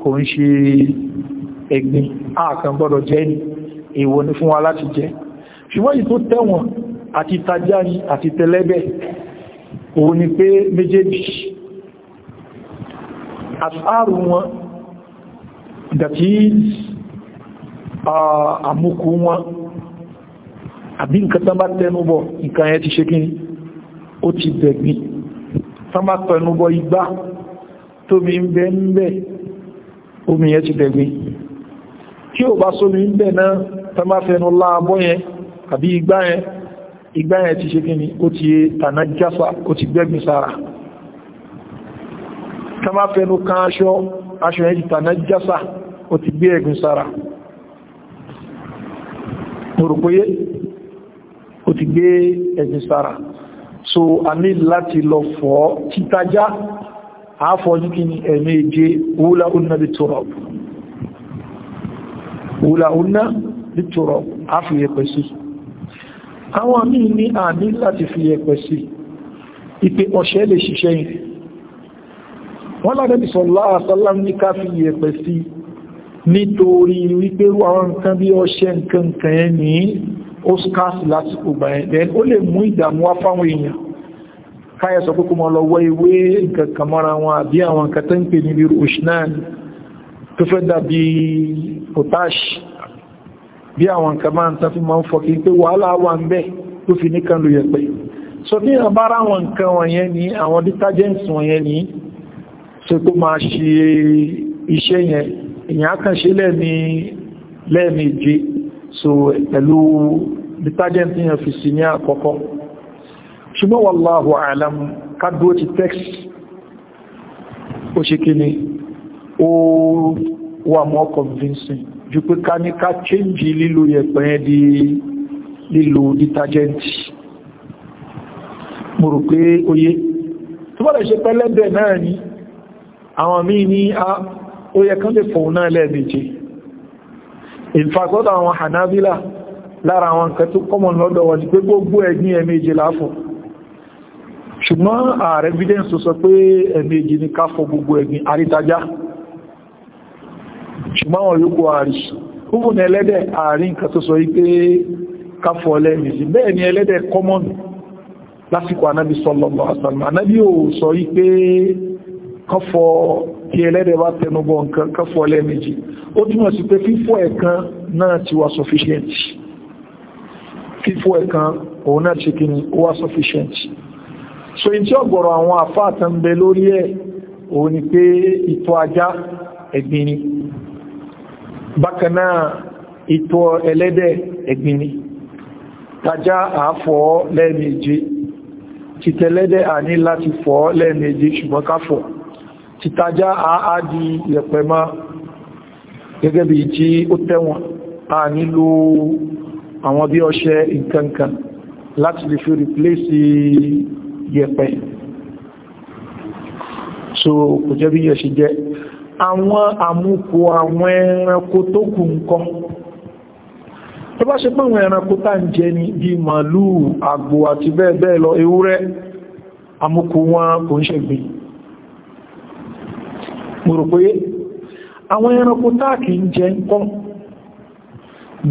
kò ń ṣe ẹ̀gbin ààkàn gbọ́dọ̀ jẹ́ ní èèwọ̀ ní fún wa láti jẹ́ ṣùgbọ́n yìí tó tẹ̀wọ̀n àti tajá àti tẹlẹ́bẹ̀ òun ni pé méjèèjì àtàrù wọn that uh, àmúkú wọn àbí nǹkan tán bá tẹnu nǹkan ti ṣe kí ti dẹ̀gbìn tán bá tẹnu bọ̀ igbá tómi ń ń omi yẹn ti dẹ̀gbìn tí ò bá sómi ń bẹ náà tán bá fẹnu yẹn àbí igbá yẹn igbá ti ṣe kí ó ti tànà jásá ó ti gbẹ́gbìn sára tán bá aṣọ aṣọ yẹn ti tànà jásá ti ó ti gbé ẹ̀gbin sára so a ní láti lọ fọ́ títajá àáfọ́jú kí ni ẹ̀mẹ́je wúlá unna bí tọrọ wúlá unna bí tọrọ àfi ẹ̀pẹ̀ sí àwọn míì ní a ní láti fi ẹ̀pẹ̀ sí ìpé ọ̀ṣẹ́ lè ṣiṣẹ́ yìí wọ́n lábẹ́bí sallallahu alaihi wasallam ní ká fi ẹ̀pẹ̀ ó skáàsì lásìkò gbà ẹ̀ then ó lè mú ìdàmú wá fáwọn èèyàn káyẹ̀ sọ púpọ̀ lọ wọ́ ewé nǹkan wọn àbí àwọn nǹkan tó ń tó fẹ́ dàbí potash bí àwọn nǹkan máa ń tán fi máa ń fọ́ kí pé wàhálà wà ń bẹ tó fi ní kan ló yẹ pé so ni àwọn detergents wọ̀nyẹn so pẹ̀lú detergent yẹn fi sí ní àkọ́kọ́ ṣùgbọ́n wallahu alam kádúró ti text ó ṣe kí ni ó wà mọ́ convincing ju pé ká ní ká change lílo yẹ̀pẹ̀ yẹn di lílo detergent mo rò pé ó tó bá lè ṣe pẹ́lẹ́bẹ̀ náà ni àwọn míì ní ah, ó yẹ kán lè fòun náà lẹ́ẹ̀mejì ìfàsọ́dọ̀ àwọn hanabila lára àwọn nǹkan tó kọmọ̀ lọ́dọ̀ wọ́n ti pé gbogbo ẹ̀gbìn ẹ̀mẹ́jì láfọ ṣùgbọ́n ààrẹ evidence sọ pé ẹ̀mẹ́jì ní káfọ gbogbo ẹ̀gbìn àrítajá ṣùgbọ́n wọn yóò kó ààrí fúnfún ní ẹlẹ́dẹ̀ ààrí nǹkan tó kọfọ́ tí ẹlẹ́dẹ̀ bá tẹnubọ̀ nǹkan kọfọ́ lẹ́ẹ̀mejì ó túnmọ̀ sí pé fífọ́ ẹ̀kan náà ti wà sufficient fífọ́ ẹ̀kan òun náà ti kìí wà sufficient so in tí ọ̀gọ̀rọ̀ àwọn àfáàtàn bẹ lórí ẹ̀ òun ni pé ìtọ̀ ajá ẹ̀gbin ni bákan náà ìtọ̀ ẹlẹ́dẹ̀ ẹ̀gbin ni tajá àáfọ́ lẹ́ẹ̀mejì títẹ̀lẹ́dẹ̀ àní láti fọ́ lẹ́ẹ̀mejì ṣùgbọ́n káfọ́ títajà àádi ìyẹ̀pẹ̀ máa gẹ́gẹ́ bí tí ó tẹ́wọ̀n a nílò àwọn bí ọṣẹ nǹkankan láti lè fi rìpléṣì ìyẹ̀pẹ̀ so kò jẹ́ bí yẹ̀ṣì jẹ́ àwọn àmúkò àwọn ẹranko tó kù nǹkan tó bá ṣe pẹ̀wọ̀n ẹranko tá ń jẹ ní bí màálù àgbò àti bẹ́ẹ̀ bẹ́ẹ̀ lọ ewúrẹ́ àmúkò wọn kò ń ṣẹ̀gbìn pòròpóyé àwọn ẹranko táàkì ń jẹ nǹkan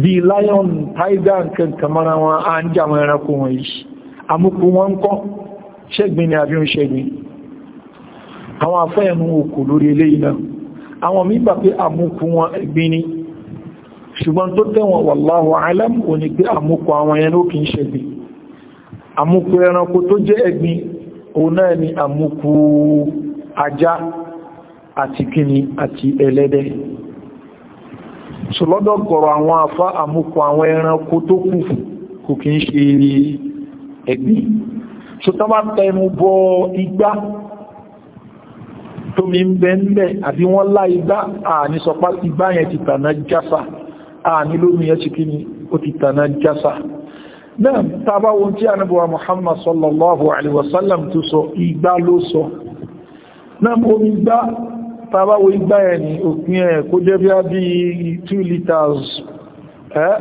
bí lion tiger nǹkan kàmàrà wọn a ń jẹ àwọn ẹranko wọn yìí àmúkù wọn ń kọ́ ṣẹ́gbìn ni àbí ń ṣẹ́gbìn àwọn afẹ́ẹ̀mú òkò lórí ilé iná àwọn mígbà pé àmúkù wọn ẹgbìn ni ṣùgbọ́n tó tẹ́wọ̀n wallahu alam ò ní pé àmúkù àwọn ẹranko kìí ṣẹ́gbìn àmúkù ẹranko tó jẹ́ ẹgbìn òun náà ni àmúkù ajá àti kíni àti ẹlẹ́dẹ̀ ṣùlọ́dọ̀ gọ̀rọ̀ àwọn afá àmúkọ àwọn ẹranko tó kù kò kí ń ṣe eré ẹ̀gbìn ṣùtán bá tẹnu bọ igbá tómi ń bẹ ń bẹ àbí wọ́n lá igbá àní sọpá igbá yẹn ti tànà jásà àní lómi yẹn ti kíni ó ti tànà jásà náà tàbá wọn tí a níbọ̀ Muhammad sallallahu alaihi wasallam tó sọ igbá ló sọ náà omi igbá tàbáwò igbá ẹ̀ ní òpin ẹ̀ kó jẹ́ bí á bí 2 litres ẹ́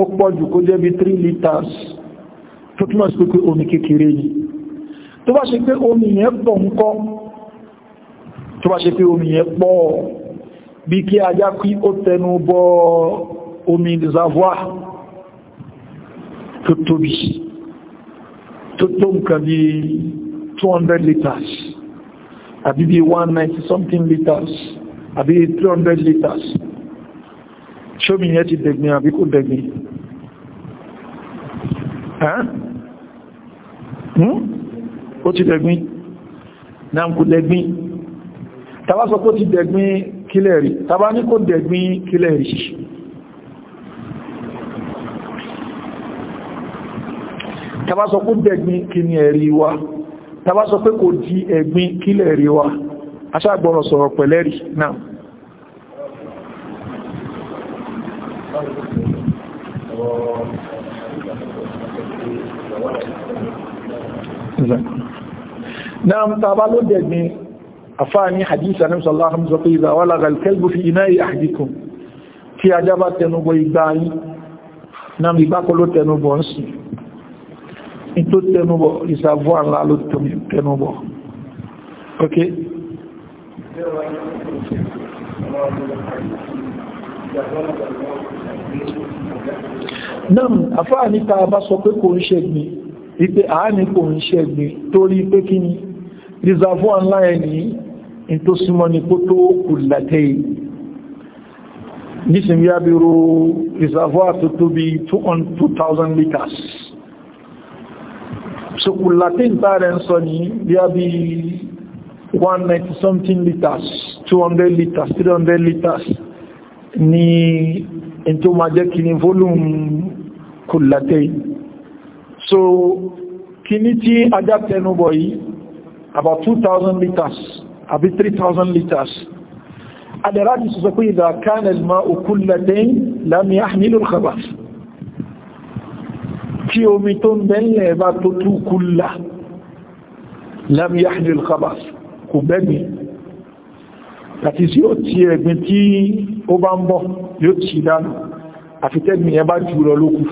ó pọ̀jù kó jẹ́ bí 3 litres tó túnmọ̀ sí pé omi kékeré yìí tó bá ṣe pé omi yẹn pọ̀ ń kọ́ tó bá ṣe pé omi yẹn pọ̀ bí kí ajá kí ó tẹnu bọ omi reservoir tó tóbi tó tó nǹkan bí 200 litres àbí bí 190 something litres àbí 300 litres ṣómi yẹn ti dẹ̀gbìn àbí kò dẹ̀gbìn hmm? ó ti dẹ̀gbìn náà kò dẹ̀gbìn tàbá sọ pé ó ti dẹ̀gbìn kílẹ̀ rí tàbá ní kò dẹ̀gbìn kílẹ̀ rí tàbá sọ pé dẹ̀gbìn kí ni ẹ̀rí wa tàbá sọ pé kò di ẹ̀gbin kílẹ̀ rí wa aṣágbọ́rọ̀ sọ̀rọ̀ pẹ̀lẹ́rì náà نعم طبعا لو دجني افاني حديث النبي صلى الله عليه وسلم اذا ولغ الكلب في اناء احدكم في اجابه تنو بيغاي نعم يبقى لو تنو بونسي tó tẹnubọ̀ ìsàbọ̀ ńlá ló tẹnubọ̀ ok náà àfáà níta bá sọ pé kò ń ṣẹ̀gbìn wípé àání kò ń ṣẹ̀gbìn torí pé kí ni ìsàbọ̀ ńlá ẹni in tó súnmọ́ ni kó tó kùlàtẹ́ nísìnyí abirú ìsàbọ̀ àtótóbi 2,000 litres so ulatin tààrẹ ń sọ ní bí a bí 190 something liters 200 liters 300 liters ní in tó ma jẹ́ kí ní volume kulatin so kí ní tí ajá tẹnubọ̀ yìí about 2000 liters àbí 3000 liters adẹ́rájì sọ pé ìdàkánẹ̀lmá òkúlẹ̀tẹ́ lámì àmìlò khabath tí omi tó ń bẹ́lẹ̀ bá tó tú kúlá lam yahdil khabas kò bẹ́gbìn àti sí ó ti ẹ̀gbìn tí ó bá ń bọ̀ yóò ti dánú àfi tẹ́gbìn yẹn bá jùlọ lókù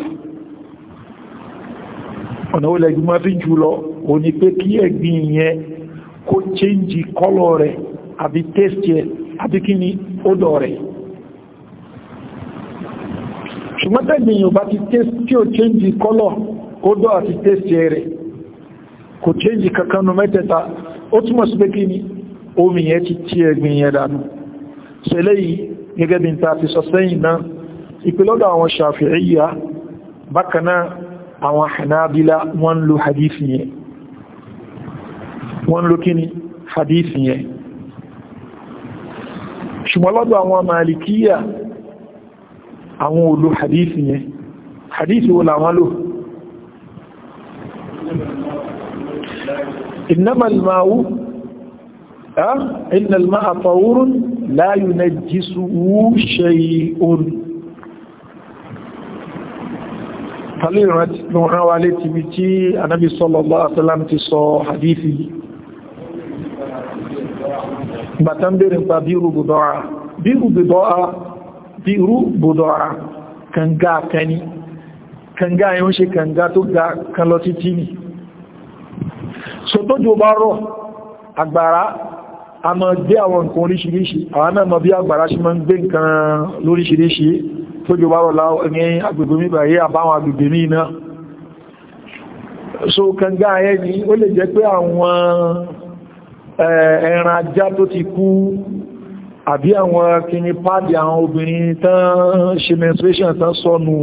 ọ̀nà ó lẹ́gbìn má fi jùlọ ò ní pé kí ẹ̀gbìn yẹn kó change color rẹ̀ àbí taste rẹ̀ àbí kí ni odor rẹ̀ ṣùgbọ́n tẹ́gbìn yóò bá ti taste tí ó change color ó dọ́ àti taste kò change kankan nù mẹ́tẹ̀ta ó túnmọ̀ sí pé kí ni omi yẹn ti tí ẹgbìn yẹn dànù ṣẹlẹ̀ yìí gẹ́gẹ́ bí ta ti sọ sẹ́yìn náà ìpìlọ́dọ̀ àwọn Shafi'iyya bákanáà àwọn Hanabila wọ́n lo hadithi yẹn wọ́n lo àwọn olú hadith yẹn hadith wo làwọn lò innamal ma'u innal ma'a tawurun la yunajjisuhu shay'un tàlé ìran wa létí bí tí anábi sallallahu alaihi wasallam ti sọ hadithi gbàtán pa bí rúgbùdọ́a bí bí irú bùdọ̀ra kànga kẹni kànga yíò ṣe kànga tó ga kan lọ títí ni so tó jò bá rọ̀ àgbàrá a mọ̀ gbé àwọn nǹkan oríṣiríṣi àwọn náà mọ̀ bí àgbàrá ṣe mọ́ ń gbé nǹkan lóríṣiríṣi tó jò bá rọ̀ ní agbègbè mi báyé àbáwọn agbègbè mi náà so kànga yẹn ni ó lè jẹ́ pé ẹran ajá tó ti kú àbí àwọn kìíní pàdé àwọn obìnrin tán ṣe menstruation tán sọnù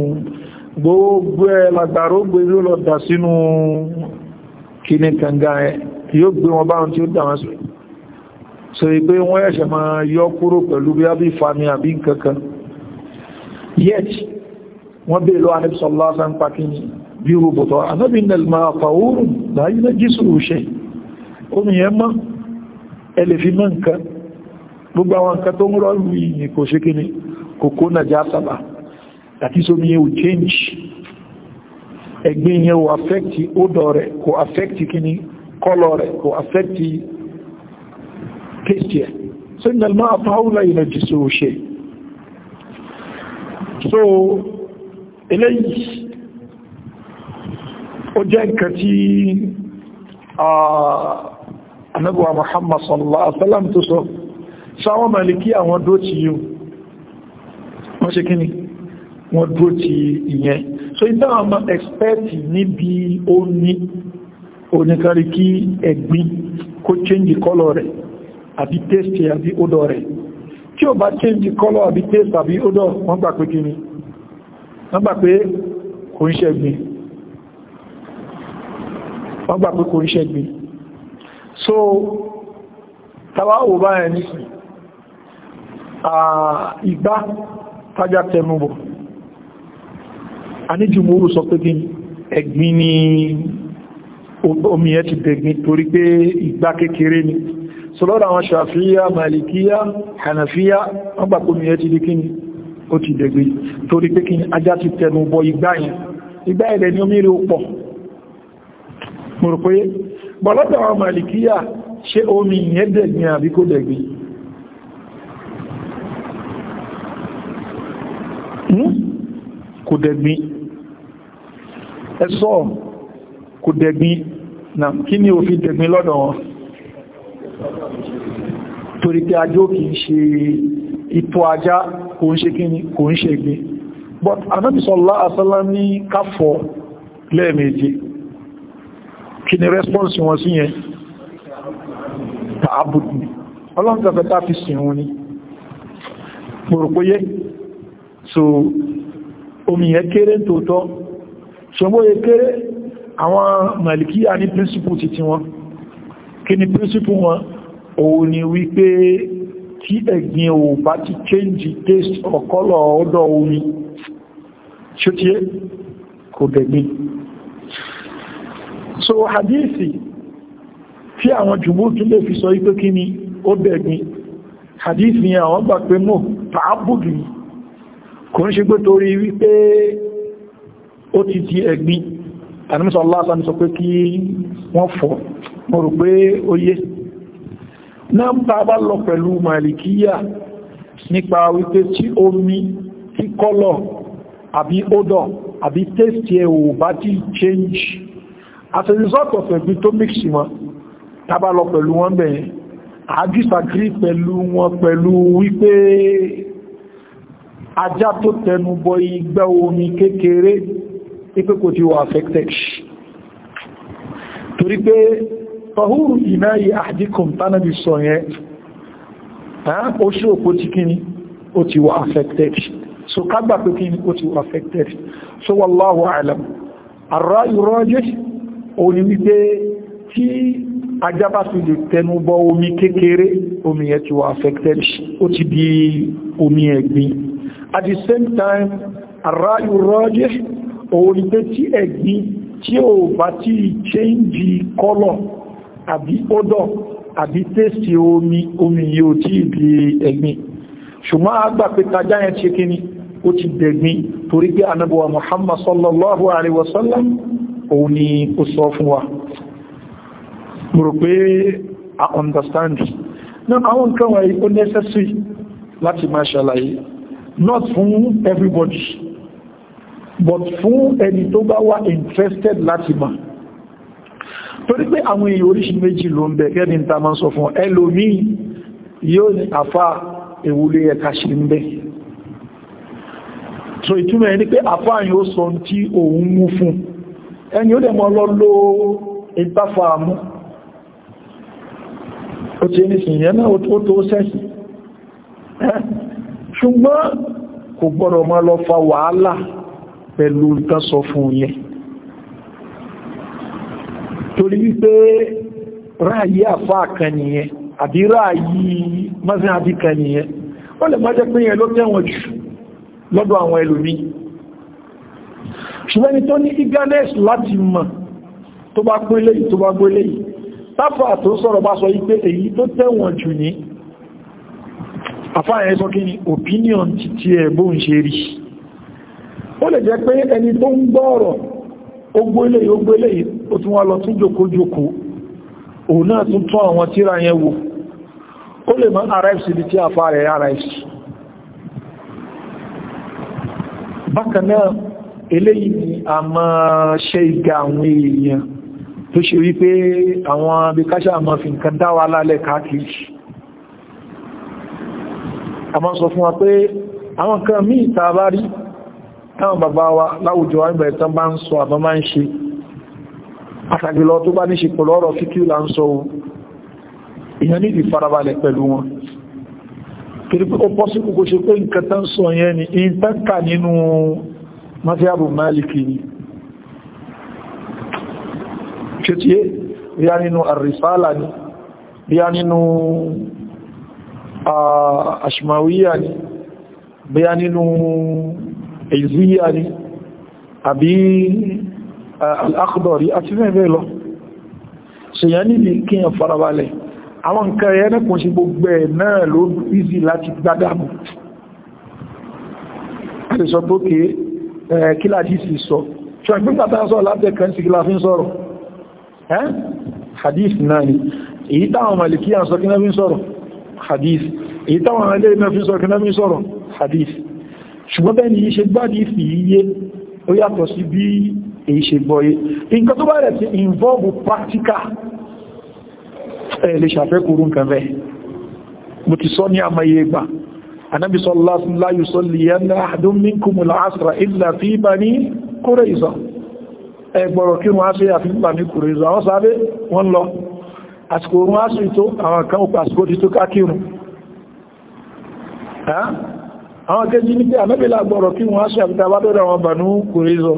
gbogbo ẹ̀ lágbàrá ó gbé ló lọ dà sínú kìíní kànga ẹ̀ yóò gbé wọn báwọn tí ó dà wọn sí so ìpé wọ́n ẹ̀ṣẹ̀ ma yọ kúrò pẹ̀lú bí ábí fami àbí kankan yet wọ́n bèèrè lọ anẹ́bí sọ́lá sáń pàkí ní bí rúbùtọ́ anẹ́bí nẹ́lmà àfàwórùn gbogbo àwọn nǹkan tó ń rọ́rù yìí kò ṣe kí ni kòkó náà já sábà àti sómi yẹn ò change ẹgbẹ́ yẹn ò affect odor rẹ̀ kò affect kí ni color rẹ̀ kò affect taste yẹn so ní alma àfáwùlà yìí náà jùsọ òṣè so eléyìí ó jẹ́ nǹkan tí anábùwà ah, Muhammad sallallahu alaihi wasallam tó sọ sáwọn maliki àwọn dó ti yíò wọ́n ṣe kíni wọ́n dó ti ìyẹn so ìdá àmà ẹ̀spẹ́ẹ̀tì níbi oní oníkarí kí ẹ̀gbin kó change color rẹ̀ àbí taste àbí odor rẹ̀ tí ó bá change color àbí taste àbí odor wọ́n gbà pé kíni wọ́n gbà pé kò ń ṣẹ̀gbin wọ́n gbà pé kò ń ṣẹ̀gbin so tàbá ò bá ẹ̀ nísìn ìgbá tájá tẹnubọ̀ a ní jùmúrù sọ pé bí ẹ̀gbin ni omi ẹ̀ ti dẹ̀gbin torí pé ìgbá kékeré ni sọlọ́dọ̀ àwọn ṣàfíyà màlìkíyà hànàfíyà wọ́n gbà kó mi ẹ̀ ti di kíni ó ti dẹ̀gbin torí pé kíni ajá ti tẹnubọ̀ ìgbá yẹn ìgbá ẹ̀rẹ̀ Hmm? kò dẹ̀gbin ẹ̀sọ́ kò dẹ̀gbin na kí ni ó fi dẹ̀gbin lọ́dọ̀ wọn torí pé ajó kì í ṣe ìtọ̀ ajá kò ń ṣe kíni kò ń ṣe gbin but Ànábì sallallahu alaihi wasallam ní káfọ́ lẹ́ẹ̀mejì kí ni response wọn sí yẹn tààbùdù ọlọ́nkẹfẹ́ta fi sìn wọn ni pòròpóyé so omi yẹn kéré tòótọ́ ṣùgbọ́n yẹ kéré àwọn malikiya ní príncipù títí wọn kí ni príncipù wọn òun ni wípé tí ẹ̀gbìn ò bá ti change taste or color omi ṣó tí kò dẹ̀gbìn so hadithi tí àwọn jùmúrù tún lè fi sọ wípé kí ni ó dẹ̀gbìn hadithi yẹn àwọn gbà pé mọ́ tààbùdù kò ń ṣe pé torí wípé ó ti ti ẹ̀gbin ànímọ́sọ̀ aláàsá ní sọ pé kí wọ́n fọ̀ mo rò pé ó yé náà bá bá lọ pẹ̀lú màìlìkíyà nípa wípé tí omi tí kọ́lọ̀ àbí odor àbí taste ẹ̀ ò bá ti change as a result of ẹ̀gbin tó mix wọn tábà lọ pẹ̀lú wọn bẹ̀yẹn àájú sàgírí pẹ̀lú wọn pẹ̀lú wípé ajá tó tẹnubọ igbá omi kékeré ipé kò tí wà affected torí pé fahúrù ìnáyí àdíkùn tánàbí sọ yẹn ó ṣe òpó tí kíní ó ti wà affected so kágbà pé ni ó ti wà affected so wallahu alam àrá ìrọ́jẹ́ òní wípé tí ti lè tẹnubọ omi kékeré omi yẹn ti wà affected ó ti di omi ẹ̀gbin at the same time àráyù rọ́jẹ́ òun ni pé tí ẹ̀gbin tí ó bá ti change color àbí odor àbí tẹ́sì omi omi yóò tí ibi ẹ̀gbin ṣùgbọ́n a gbà pé tajá yẹn ṣe kí ni ó ti dẹ̀gbin torí pé anábọ̀wà Muhammad sallallahu alaihi wasallam òun ni ó sọ fún wa mo rò pé a understand náà àwọn nǹkan wáyé ó necessary láti máa ṣàlàyé not fún everybody but fún ẹni tó bá wá interested láti mọ̀ torí pé àwọn èèyàn oríṣi méjì ló ń bẹ gẹ́ni ta máa sọ fún ẹlòmí yóò ní àfá ìwúlé ẹka ṣe ń bẹ so ìtumọ̀ ẹni pé àfá yìí ó sọ tí òun mú fún ẹni ó dẹ̀ mọ́ lọ ló ìtafà mú ó ti ní sìnyẹ́ náà ó tó sẹ́sì ṣùgbọ́n kò gbọ́dọ̀ máa lọ fa wàhálà pẹ̀lú nǹkan sọ fún yẹn torí wípé ráàyí àfá kan nìyẹn àbí ráàyí mọ́sán àbí kan wọ́n lè má jẹ́ pé yẹn ló tẹ́wọ̀n jù lọ́dọ̀ àwọn ẹlòmí ṣùgbọ́n ni tó ní eagerness láti mọ̀ tó bá pínlẹ̀ tó bá gbélé táfà tó sọ̀rọ̀ bá sọ wípé èyí tó tẹ́wọ̀n jù ní àfáàyẹ sọ kí ni opinion ti tí ẹ bó ń ṣe rí ó lè jẹ́ pé ẹni tó ń gbọ́ ọ̀rọ̀ ó gbélé ó gbélé ó tún wá lọ tún jókòójókòó òun náà tún tún àwọn tíra yẹn wò ó lè mọ́ arrive tí àfáàyẹ arrive tó ṣe wípé àwọn abikásà máa fi dáwà lálẹ́ káàkiri a máa sọ fún wa pé àwọn kan mí ìta bá rí táwọn bàbá wa láwùjọ àgbà ìtàn bá ń sọ àbá máa ń ṣe àtàgbìlọ tó bá ní ṣe pẹ̀lú ọ̀rọ̀ kíkí là ń sọ ohun èèyàn ni in tẹ́kà nínú mafíàbù máàlìkì ni ṣe tí yá ni yá nínú àṣìmáwíyà ni bẹ́yà nínú ẹ̀zíyà ni àbí al'akhdari àti mẹ́rin lọ ṣèyàn níbi kíyàn farabalẹ̀ àwọn nǹkan ẹ̀yẹ́ nẹ́kùn sí gbogbo ẹ̀ náà ló easy láti gbádàmù àti sọ tó kéé kíláàdì sì sọ ṣọ̀gbín pàtàkì sọ látẹ̀kẹ́ sí kíláàfin sọ̀rọ̀ hadith náà ni èyí táwọn màlìkíyàn sọ kí náà fi sọ̀rọ̀ hadith èyí táwọn alé iná fi sọ kìnnà mi sọ̀rọ̀ hadith ṣùgbọ́n bẹ́ẹ̀ ni yí ṣe gbádìí fi yíye ó yàtọ̀ sí bí èyí ṣe gbọ́yé nǹkan tó bá rẹ̀ ti involve practical ẹ̀ lè ṣàfẹ́kùrú nǹkan bẹ́ẹ̀ mo ti sọ ní àmàyé gbà anábi sallallahu alaihi wasallam ahadun minkumul asra illa fi bani Qurayza ẹgbọ̀rọ̀ àsìkò orun aṣù ìtó àwọn kan òpá àsìkò tító kákírùn àwọn kejì ní pé àmẹ́bẹ̀lá gbọ́rọ̀ kí wọ́n aṣù àbíta wádọ́dọ̀ àwọn bànú kò rí zọ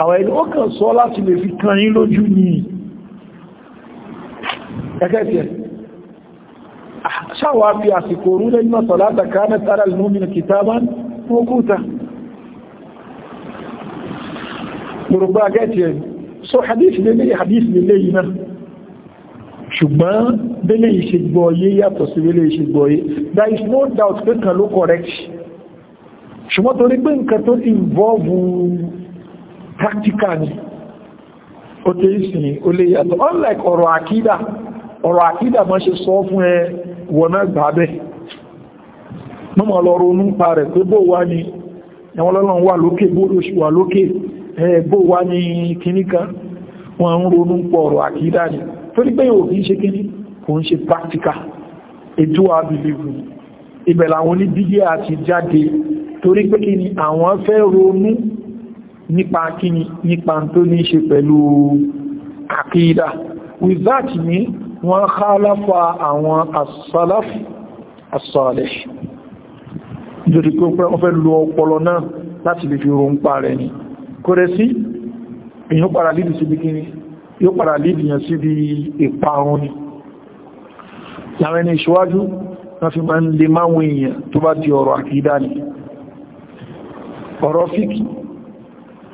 àwọn ẹni ó kàn sọ láti lè fi kan yín lójú ní so hadith lè hadith lè lè yìí ṣùgbọ́n bẹ́lẹ̀ ìṣègbọ́ yé yàtọ̀ sí bẹ́lẹ̀ ìṣègbọ́ yé there is no doubt pé kan ló correct ṣùgbọ́n torí pé nǹkan tó involve practical ni ó tẹ́ ìsìn ó lè yàtọ̀ unlike ọ̀rọ̀ àkídà ọ̀rọ̀ àkídà ma ṣe sọ fún ẹ wọ̀ná gbàbẹ́ mọ́mọ̀ lọ ronú pa rẹ̀ pé bó wá ní ẹwọ́n lọ́lọ́n wà lókè bó ló wà lókè bó wá ní kìníkan wọ́n ń ronú pọ̀ ọ̀rọ̀ àkídà ni torí pé yóò fi ń ṣe kíní kò ń ṣe practical ètò àbìlìfù ìbẹ̀lẹ̀ àwọn oníbíjẹ́ àti jáde torí pé kíní àwọn fẹ́ ronú nípa kíní nípa tó ní ṣe pẹ̀lú àkídà with ni wọ́n khalafa àwọn as-salaf as-salih nítorí pé wọ́n fẹ́ lo ọpọlọ náà láti lè fi ronú pa rẹ̀ yóò padà lídìyàn síbi ìparun ni láwọn ẹni ìṣíwájú wọ́n fi máa ń lè máwọn èèyàn tó bá di ọ̀rọ̀ àkídá ni ọ̀rọ̀ fíkì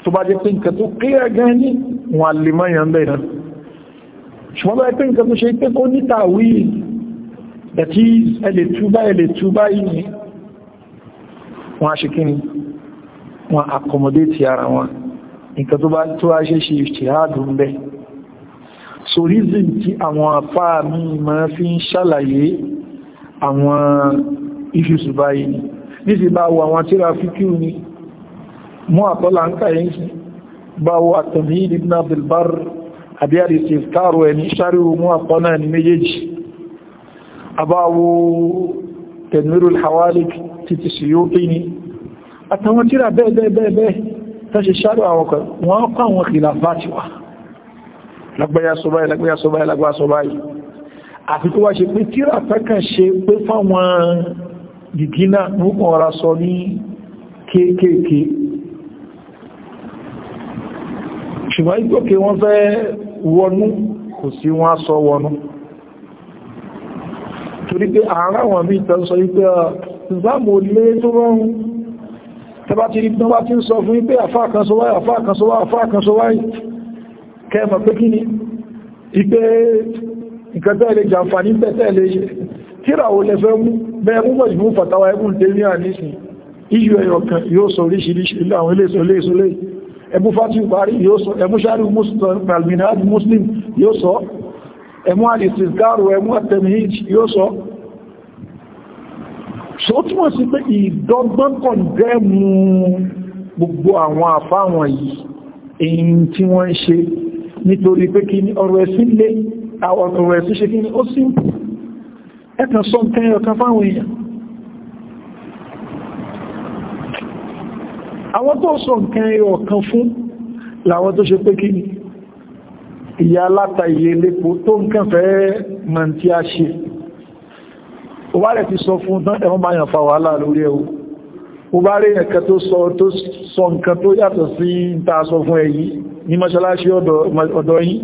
tó bá jẹ́ pé nǹkan tó kíyà gan ní wọn lè máa yàn bẹ̀rẹ̀ ṣùgbọ́n bá pé nǹkan tó ṣe pé kó níta wíì ẹ̀tí ẹlẹ̀ túbá ẹlẹ̀ túbá nǹkan tó bá tó a ṣe ìṣẹ́ àdùn bẹ́ẹ̀ sorism tí àwọn àfáà mi máa fi ń ṣàlàyé àwọn issues báyìí ní sì bá wo àwọn tíra fíkíù ni mú àtọ́là ń kàyẹ́ sí bá wo àtàmì ibn abdulbar àbí àdìsí ìfkàrò ẹni ṣáríwò mú àtọ́nà ẹni méjèèjì àbáwo tẹ̀mírùl hawalik títí sí yóò pín ni àtàwọn tíra bẹ́ẹ̀ bẹ́ẹ̀ bẹ́ẹ̀ tẹ́ lágbáyà sọ báyìí lágbáyà sọ báyìí lágbáyà sọ báyìí àfi kó wá ṣe pé tíra fẹ́kàn ṣe pé fáwọn gìgínà nùkùn ọ̀rá sọ ní kéékèèké ṣùgbọ́n ìgbókè wọ́n fẹ́ wọnú kò sí wọ́n sọ wọnú torí pé àárá wọn bí ìtàn sọ wípé ah, ìzámò lé tó rọrùn tẹbá rí pín wá tí ń sọ fún wípé àfáà kan sọ kẹmọ̀ pé kí ni ipé ìkẹtẹ́lẹ̀ jàǹfàní pẹ̀tẹ́lẹ̀ ṣe kíra o lẹ́fẹ́ mú bẹ́ẹ̀ mú mọ̀jìmú fàtàwà ẹkùn tèmíà nísìn iyu ẹyọ kan yóò sọ oríṣiríṣi ilé àwọn ilé ìsọlé ìsọlé muslim yóò sọ ẹmú alìsìsgáàrù ẹmú atẹmíhìj yóò sọ so túnmọ̀ sí pé ìdọ́gbọ́n kàn dẹ́mù gbogbo àwọn àfáwọn yìí èyí tí wọ́n ń ṣe nítorí pé kí ní ọ̀rọ̀ ẹ̀sìn lé àwọn ọ̀rọ̀ ẹ̀sìn ṣe kí ní ó sí ẹ̀kàn sọ tẹ́yọ kan fáwọn èèyàn àwọn tó sọ nǹkan ẹyọ kan fún làwọn tó ṣe pé kí ní ìyá aláta iye lépo tó nǹkan fẹ́ mọ̀ tí a ṣe ó bá rẹ̀ ti sọ fún tán ẹ̀wọ́n bá yàn fa wàhálà lórí ẹ̀wọ́ ó bá rí ẹ̀kẹ́ tó sọ nǹkan tó yàtọ̀ sí ìta sọ fún èyí ní mọ́ṣálásí ọ̀dọ̀ yìí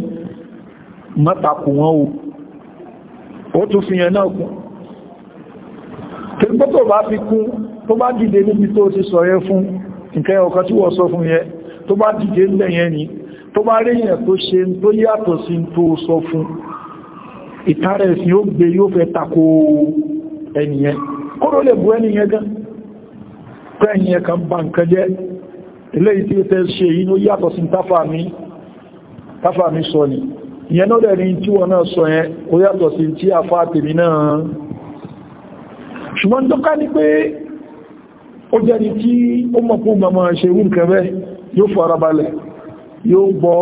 mọ́tàkù wọn o ó tún fi yẹn náà kún kí gbọ́tọ̀ bá fi kún tó bá dìde níbi tó ti sọ yẹ fún nǹkan ọ̀kan tí wọ́n sọ fún yẹ tó bá dìde lẹ́yẹn ni tó bá rí yẹn tó ṣe tó yàtọ̀ sí tó sọ fún ìtàrẹ̀ sí ó gbé yóò fẹ́ tako eléyìí tí ó tẹ́ ṣe yìí ló yàtọ̀ sí táfà mi sọ ni ìyẹn náà dẹ̀ ní tí wọ́n náà sọ yẹn ó yàtọ̀ sí tí a fà tèmi náà ṣùgbọ́n tó ká ní pé ó jẹ́ ni tí ó mọ̀ fún mọ̀mọ̀ ṣe rú kẹfẹ́ yóò farabalẹ̀ yóò gbọ́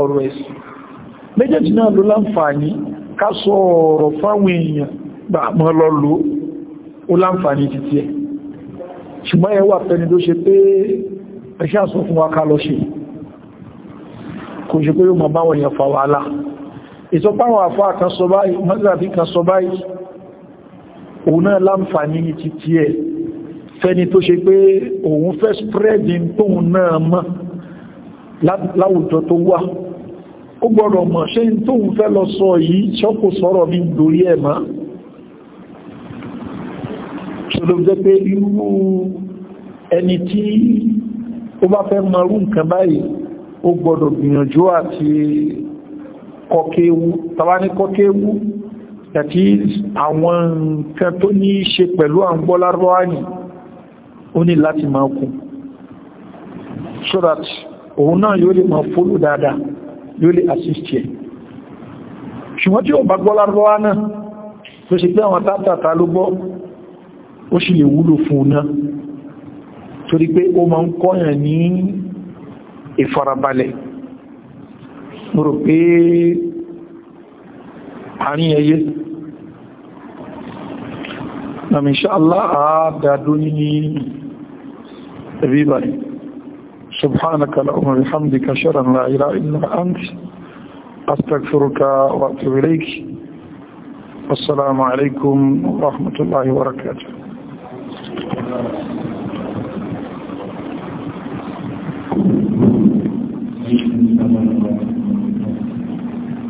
ọ̀rọ̀ ẹ̀ ṣùgbọ́n ẹ wà tó ṣe pé ẹ̀ṣẹ́ àsọ fún wa ká lọ ṣe kò ṣe pé yóò mọ̀ báwọn èèyàn fa wàhálà ìsọpáwọn àfá kan sọ báyìí mọ́sàbí kan sọ báyìí òun náà láǹfààní ní títí ẹ̀ fẹ́ni tó ṣe pé òun fẹ́ spreading tóun náà ẹni tí ó bá fẹ́ marú nǹkan báyìí ó gbọ́dọ̀ gbìyànjú àti kọkéwú tàbá ní kọkéwú tàbí àwọn nǹkan tó ní í ṣe pẹ̀lú àwọn gbọ́lárọ́wáyìn ó ní láti máa kún so that òun náà yóò lè máa fólò dáadáa yóò lè assist ẹ̀ ṣùgbọ́n tí ó bá gbọ́lárọ́wá náà tó ṣe pé àwọn tátàtà ló gbọ́ ó sì lè wúlò fún un náà torí pé ó máa ń kọ́yàn ní ìfarabalẹ̀ mo rò pé àárín ẹyẹ nàmì ṣáàlá àádádó ní ẹbí báyìí subhanaka lahumma bihamdika sharan la ilaha illa anta أستغفرك وأتوب إليك والسلام عليكم ورحمة الله وبركاته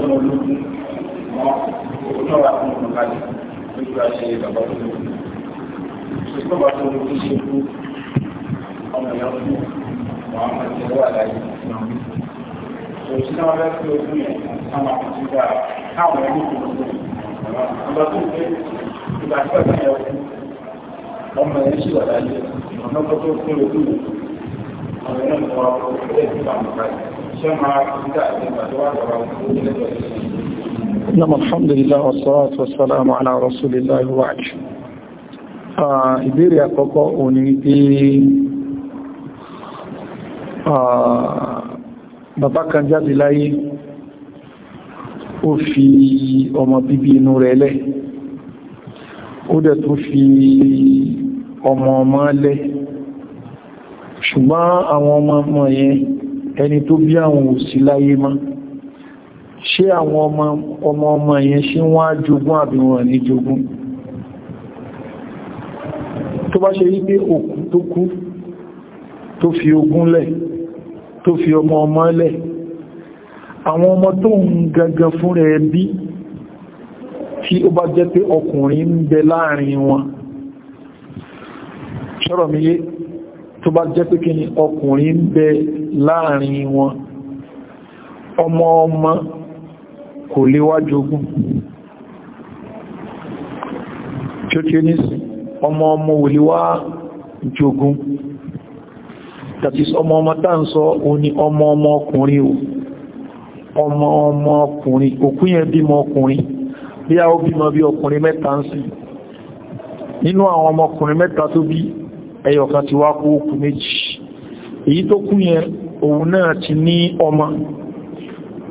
ọmọ ológun mọ́ òótọ́ wà fún ọmọ kalẹ̀ lójú àṣẹ bàbá ológun ṣùgbọ́n bàbá ológun ṣe kú ọmọ ìyá fún wọn àwọn ọmọ ìjọba àlàyé òṣìṣẹ́ náà fẹ́ fi ojú yẹn káwọn àkùnjú gbà káwọn ẹni kò lóko ọba tó gbé ìgbà tí bàbá yẹn kú ọmọ yẹn ṣì wà láyé ọmọ tó tó kú lóko ọmọ yẹn mọ ọkọ ẹgbẹ́ ìgbà mọ̀ báyìí. نعم الحمد لله والصلاة والسلام على رسول الله وعج ìbéèrè àkọ́kọ́ òní pé bàbá kan jáde láyé ó fi ọmọ bíbí inú rẹ̀ lẹ̀ ó dẹ̀ tó fi ọmọ ọmọ lẹ̀ ṣùgbọ́n àwọn ọmọ ọmọ yẹn ẹni tó bí àwọn òsì láyé má ṣé àwọn ọmọ ọmọ yẹn ṣe wọ́n á jogún àbí wọn ní jogún tó bá ṣe wípé òkú tó kú tó fi ogún lẹ̀ tó fi ọmọ ọmọ lẹ̀ àwọn ọmọ tó ń gangan fún rẹ̀ bí tí ó bá jẹ́ pé ọkùnrin ń bẹ láàrin wọn ṣọ́rọ̀ mi yé tó bá jẹ́ pé kí ni ọkùnrin ń bẹ láàrin wọn ọmọ ọmọ kò lè wá jogún tí ó tí ó nísì ọmọ ọmọ ò lè wá jogún tàbí ọmọ ọmọ tá ń sọ o ní ọmọ ọmọ ọkùnrin o ọmọ ọmọ ọkùnrin òkú yẹn bímọ ọkùnrin bí a ó bímọ bí ọkùnrin mẹ́ta ń sìn nínú àwọn ọmọkùnrin mẹ́ta tó bí ẹyọ kan ti wá kó kú méjì èyí tó kú yẹn òun náà ti ní ọmọ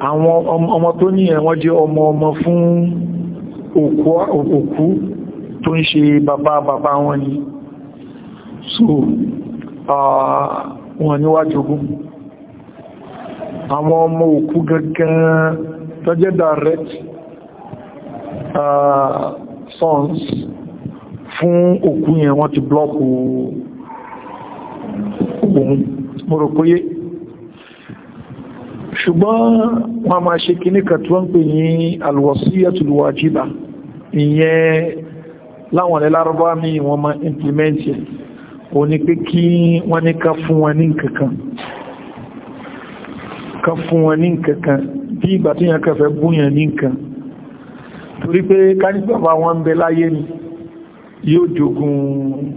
àwọn ọmọ tó ní ẹ̀wọ́n jẹ́ ọmọ ọmọ fún òkú tó ń ṣe bàbá bàbá wọn ni so wọn ni wá jogún àwọn ọmọ òkú gangan tó direct sons fún òkú yẹn wọ́n ti blọ́ọ̀kù òun mọ́rọ̀kóyé ṣùgbọ́n wọ́n máa ṣe kí ní kàtí wọ́n pè ní alwasiyatul wajiba ìyẹn láwọn ẹlárọ́bá mi wọ́n máa implement yẹn o ní pé kí wọ́n ní ká fún wọn ní nǹkankan ká fún wọn ní nǹkankan bí ìgbà tí yẹn kẹfẹ́ búyàn ní nǹkan torí pé ká ní bàbá wọn ń bẹ láyé ni yóò jogun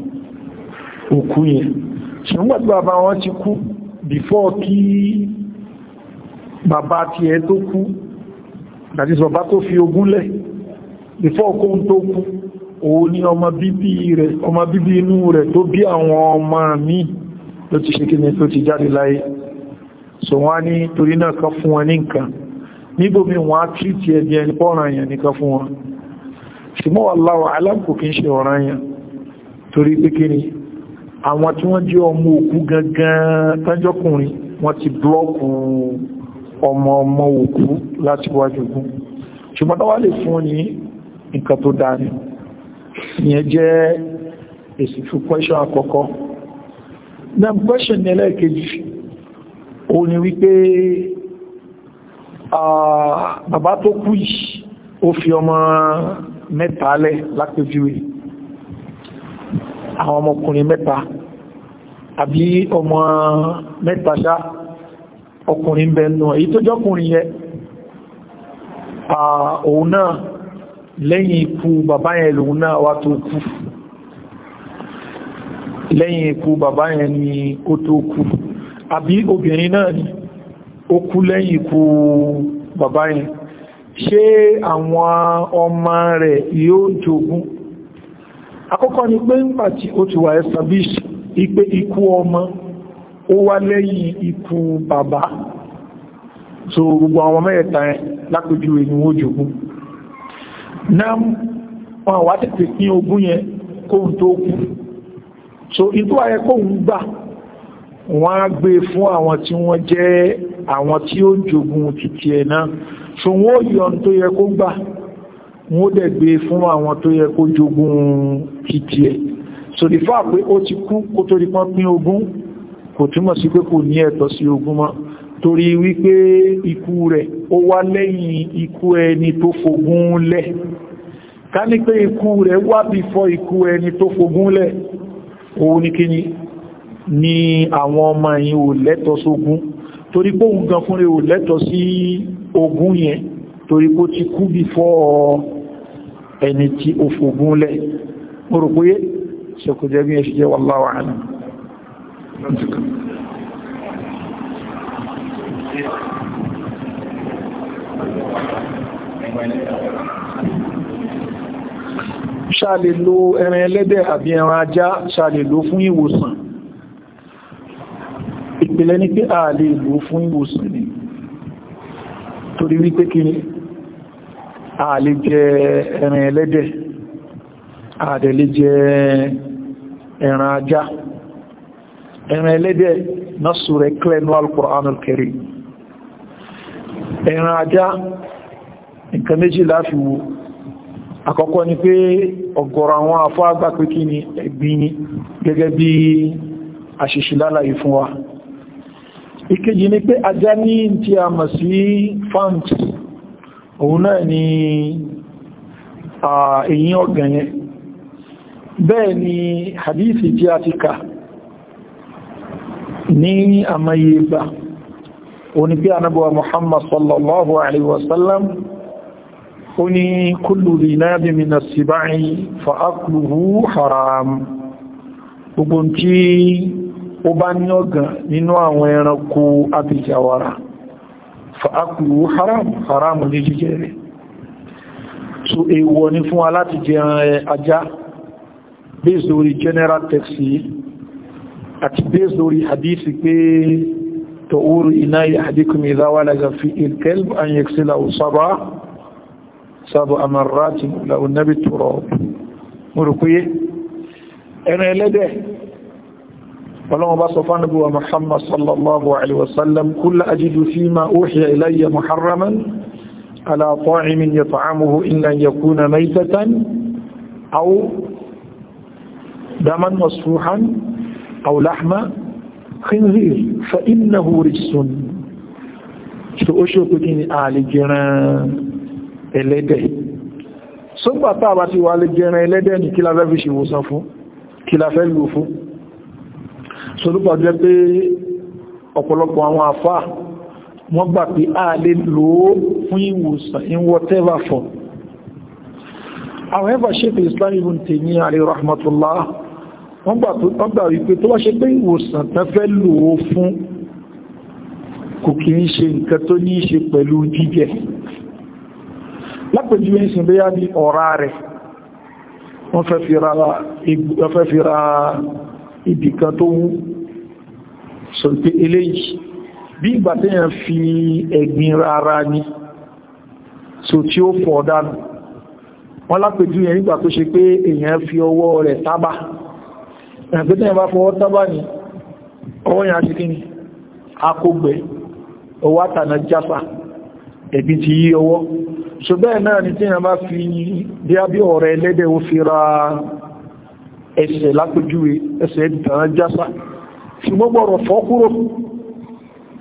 òkú yẹn ṣùgbọ́n tí bàbá wọn ti kú before kí bàbá ti ẹ tó kú láti sọ tó fi ogún lẹ̀ before kó ń tó kú òun ni ọmọ bíbí inú rẹ̀ tó bí àwọn ọmọ mi ló ti ṣe kíni ló ti jáde láyé so wọ́n ní torí náà kan fún wọn ní nǹkan níbòmí wọ́n á tírìtì ẹbí pọ́ràn èèyàn nìkan fún wọn ṣùgbọ́n wallahu alam kò kí ń ṣe ọ̀ràn yẹn torí pé kí ni àwọn tí wọ́n jẹ́ ọmọ òkú gangan tánjọ́kùnrin wọ́n ti blọ́ọ̀kù ọmọ ọmọ òkú láti wájú gún ṣùgbọ́n lè fún ní nǹkan tó dáa ni ìyẹn jẹ́ èsì fún pẹ́ṣọ́ àkọ́kọ́ náà pẹ́ṣọ́ ní ẹlẹ́ẹ̀kejì ó ní wípé ah, bàbá tó kú yìí ó fi ọmọ mẹ́ta alẹ́ lápẹjúwe àwọn ọmọkùnrin mẹ́ta àbí ọmọ mẹ́ta ṣá ọkùnrin bẹnu èyí tó jọkùnrin yẹ òun náà lẹ́yìn ikú bàbá yẹn lòun náà wá tó kú lẹ́yìn ikú bàbá yẹn ni ó tó kú àbí obìnrin náà ni ó kú lẹ́yìn ikú bàbá yẹn ṣé àwọn ọmọ rẹ̀ yóò jogún àkọ́kọ́ ni pé ńgbà tí ó ti wà establish ipé ikú ọmọ o wá lẹ́yìn ikú bàbá so gbogbo àwọn mẹ́ẹ̀ta ẹ̀ lápójú ẹni ó Na náà wọn wá ogún yẹn kóhun tó kú so ayẹ kóhun gbà wọ́n á gbé fún àwọn tí wọ́n jẹ́ àwọn tí ó jogun títí ẹ̀ náà so wọ́n yọ̀n tó yẹ kó gbà wọ́n dẹ̀ gbé fún àwọn tó yẹ kó jogun títí ẹ̀ so di fà pé ó ti kú kó tó di pọ́n pín ogún kò túmọ̀ sí pé kò ní ẹ̀tọ́ sí ogún mọ́ torí wípé ikú rẹ̀ ó wá lẹ́yìn ikú ẹni tó fogún lẹ̀ ká ní pé ikú rẹ̀ wá bí fọ́ ikú ẹni tó fogún lẹ̀ òun ni kíni ni àwọn ọmọ yìí ò lẹ́tọ̀ sógún torí pé òun gan fúnre ò lẹ́tọ̀ sí ogún yẹn torí pé ó ti kú bí fọ́ ẹni tí ó fògún lẹ̀ orùkúyé ṣekùjẹ́ bí ẹṣì jẹ́ wallahu ṣàlèlò ẹran ẹlẹ́dẹ̀ àbí ẹran ajá ṣàlèlò fún ìwòsàn ìpìlẹ̀ ní pé ààlè ìlú fún ìwòsàn ni torí wípé kí ni ààlè jẹ ẹran ẹlẹ́dẹ̀ ààdẹ̀lẹ́ jẹ ẹran ajá ẹran ẹlẹ́dẹ̀ násù rẹ̀ klẹ́nu al gẹ́gẹ́ bí àṣìṣìlálàyé fún wa ìkejì ni pé ajá ní tí a mọ̀ sí fant òun náà ni èyí ọ̀gàn yẹn bẹ́ẹ̀ ni hadithi tí a ti kà ní àmàyè ìgbà òní bí anábọ̀wà Muhammad sallallahu alaihi wasallam ó ní kullu dhinabi min as-sibai haram gbogbo tí ó bá ní ọ̀gàn nínú àwọn ẹranko àtìjàwara fa'akùlù haram haram ní jíjẹ rẹ̀ so èèwọ̀ ní fún aláti jẹ eh, ajá based lórí general taxi, àti based lórí hadisi pé tọ̀wúrù iná yahdikum idha walaga fi al-kalb an yaghsilahu sab'a sab'a marratin law nabi turab mọ̀rùkúyé ẹran ẹlẹ́dẹ̀ ọlọ́wọ́n bá sọ fánàbí wa muhammad sallallahu alaihi wasallam kulla ajidu fi ma uhiya ilayya muharraman ala ta'imin yata'amuhu illa yakuna maytatan aw daman masfuhan aw lahma khinzir fa innahu rijsun so o ṣe kini alijiran ẹlẹ́dẹ̀ sọ́gbàtà àbáti wà alijiran ẹlẹ́dẹ̀ ni kí la fẹ́ fi ṣe wòsàn fún kí la fẹ́ lò fún solúpọ̀ jẹ́ pé ọ̀pọ̀lọpọ̀ àwọn àfá wọ́n gbà pé a lè lò ó fún ìwòsàn in whatever form however Sheikh Islam Ibn Taymiyyah alayhi rahmatullah wọ́n gbà wípé tó wá ṣe pé ìwòsàn tán fẹ́ lò ó fún kò kì í ṣe nǹkan tó ní ṣe pẹ̀lú jíjẹ lápẹjú ẹ̀sìn bóyá bí ọ̀rá rẹ̀ wọ́n fẹ́ fi ra ibì kan tó wú sọ pé eléyìí bí ìgbà téèyàn fi ẹ̀gbin rárá ni so tí ó fọ̀ dánù wọ́n lápẹjú yẹn nígbà tó ṣe pé èèyàn fi ọwọ́ rẹ̀ tábà ẹ̀gbẹ́tẹ̀yàn bá fọwọ́ tábà ní ọwọ́ yẹn aṣe kíni akógbẹ̀ ọwọ́ àtànà jápa ẹ̀bí ti yí ọwọ́ ṣùgbẹ́ náà ni tí yẹn bá fi bí abí ọ̀rẹ́ ẹlẹ́dẹ̀ ó fi ra ẹsẹ̀ lápójúwe ẹsẹ̀ ìtàn jásá ṣùgbọ́n gbọ́rọ̀ fọ́ kúrò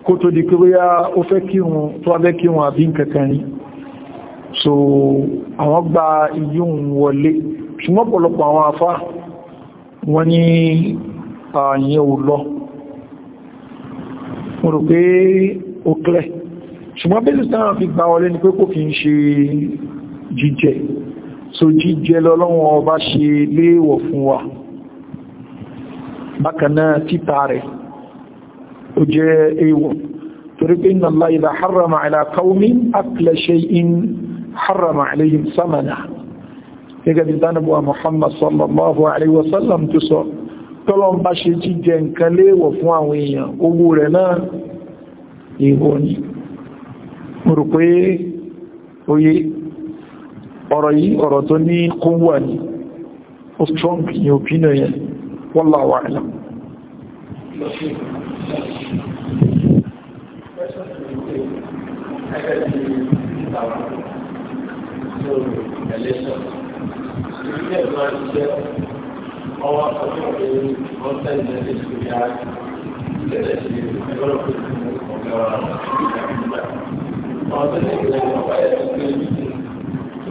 kó tó di kíwéyá ó fẹ́ kírun tó abẹ́ kírun àbí nkankan ní so àwọn gba iyún wọlé ṣùgbọ́n pọ̀lọpọ̀ àwọn afá wọ́n ní ààyẹ ò lọ mo rò pé ó klẹ̀ ṣùgbọ́n bí ìsìtàn fi gbà wọlé ni pé kò kí ń ṣe jíjẹ so jíjẹ lọ́lọ́wọ́n ọba ṣe léèwọ̀ fún wa bákanáà títà rẹ̀ ó jẹ́ èèwọ̀ torí pé inna Allah idha harrama ala qawmin akla shay'in harrama alayhim samana gẹ́gẹ́ bí dánàbọ̀ Muhammad sallallahu alayhi wa sallam tó sọ tọ́lọ́n oye ọ̀rọ̀ yìí ọ̀rọ̀ tó ní kúnwà ní ó strong ní opinion yẹn wallahu a'lam Ọwọ́ ọdún ọdún ọdún ọdún ọdún Thank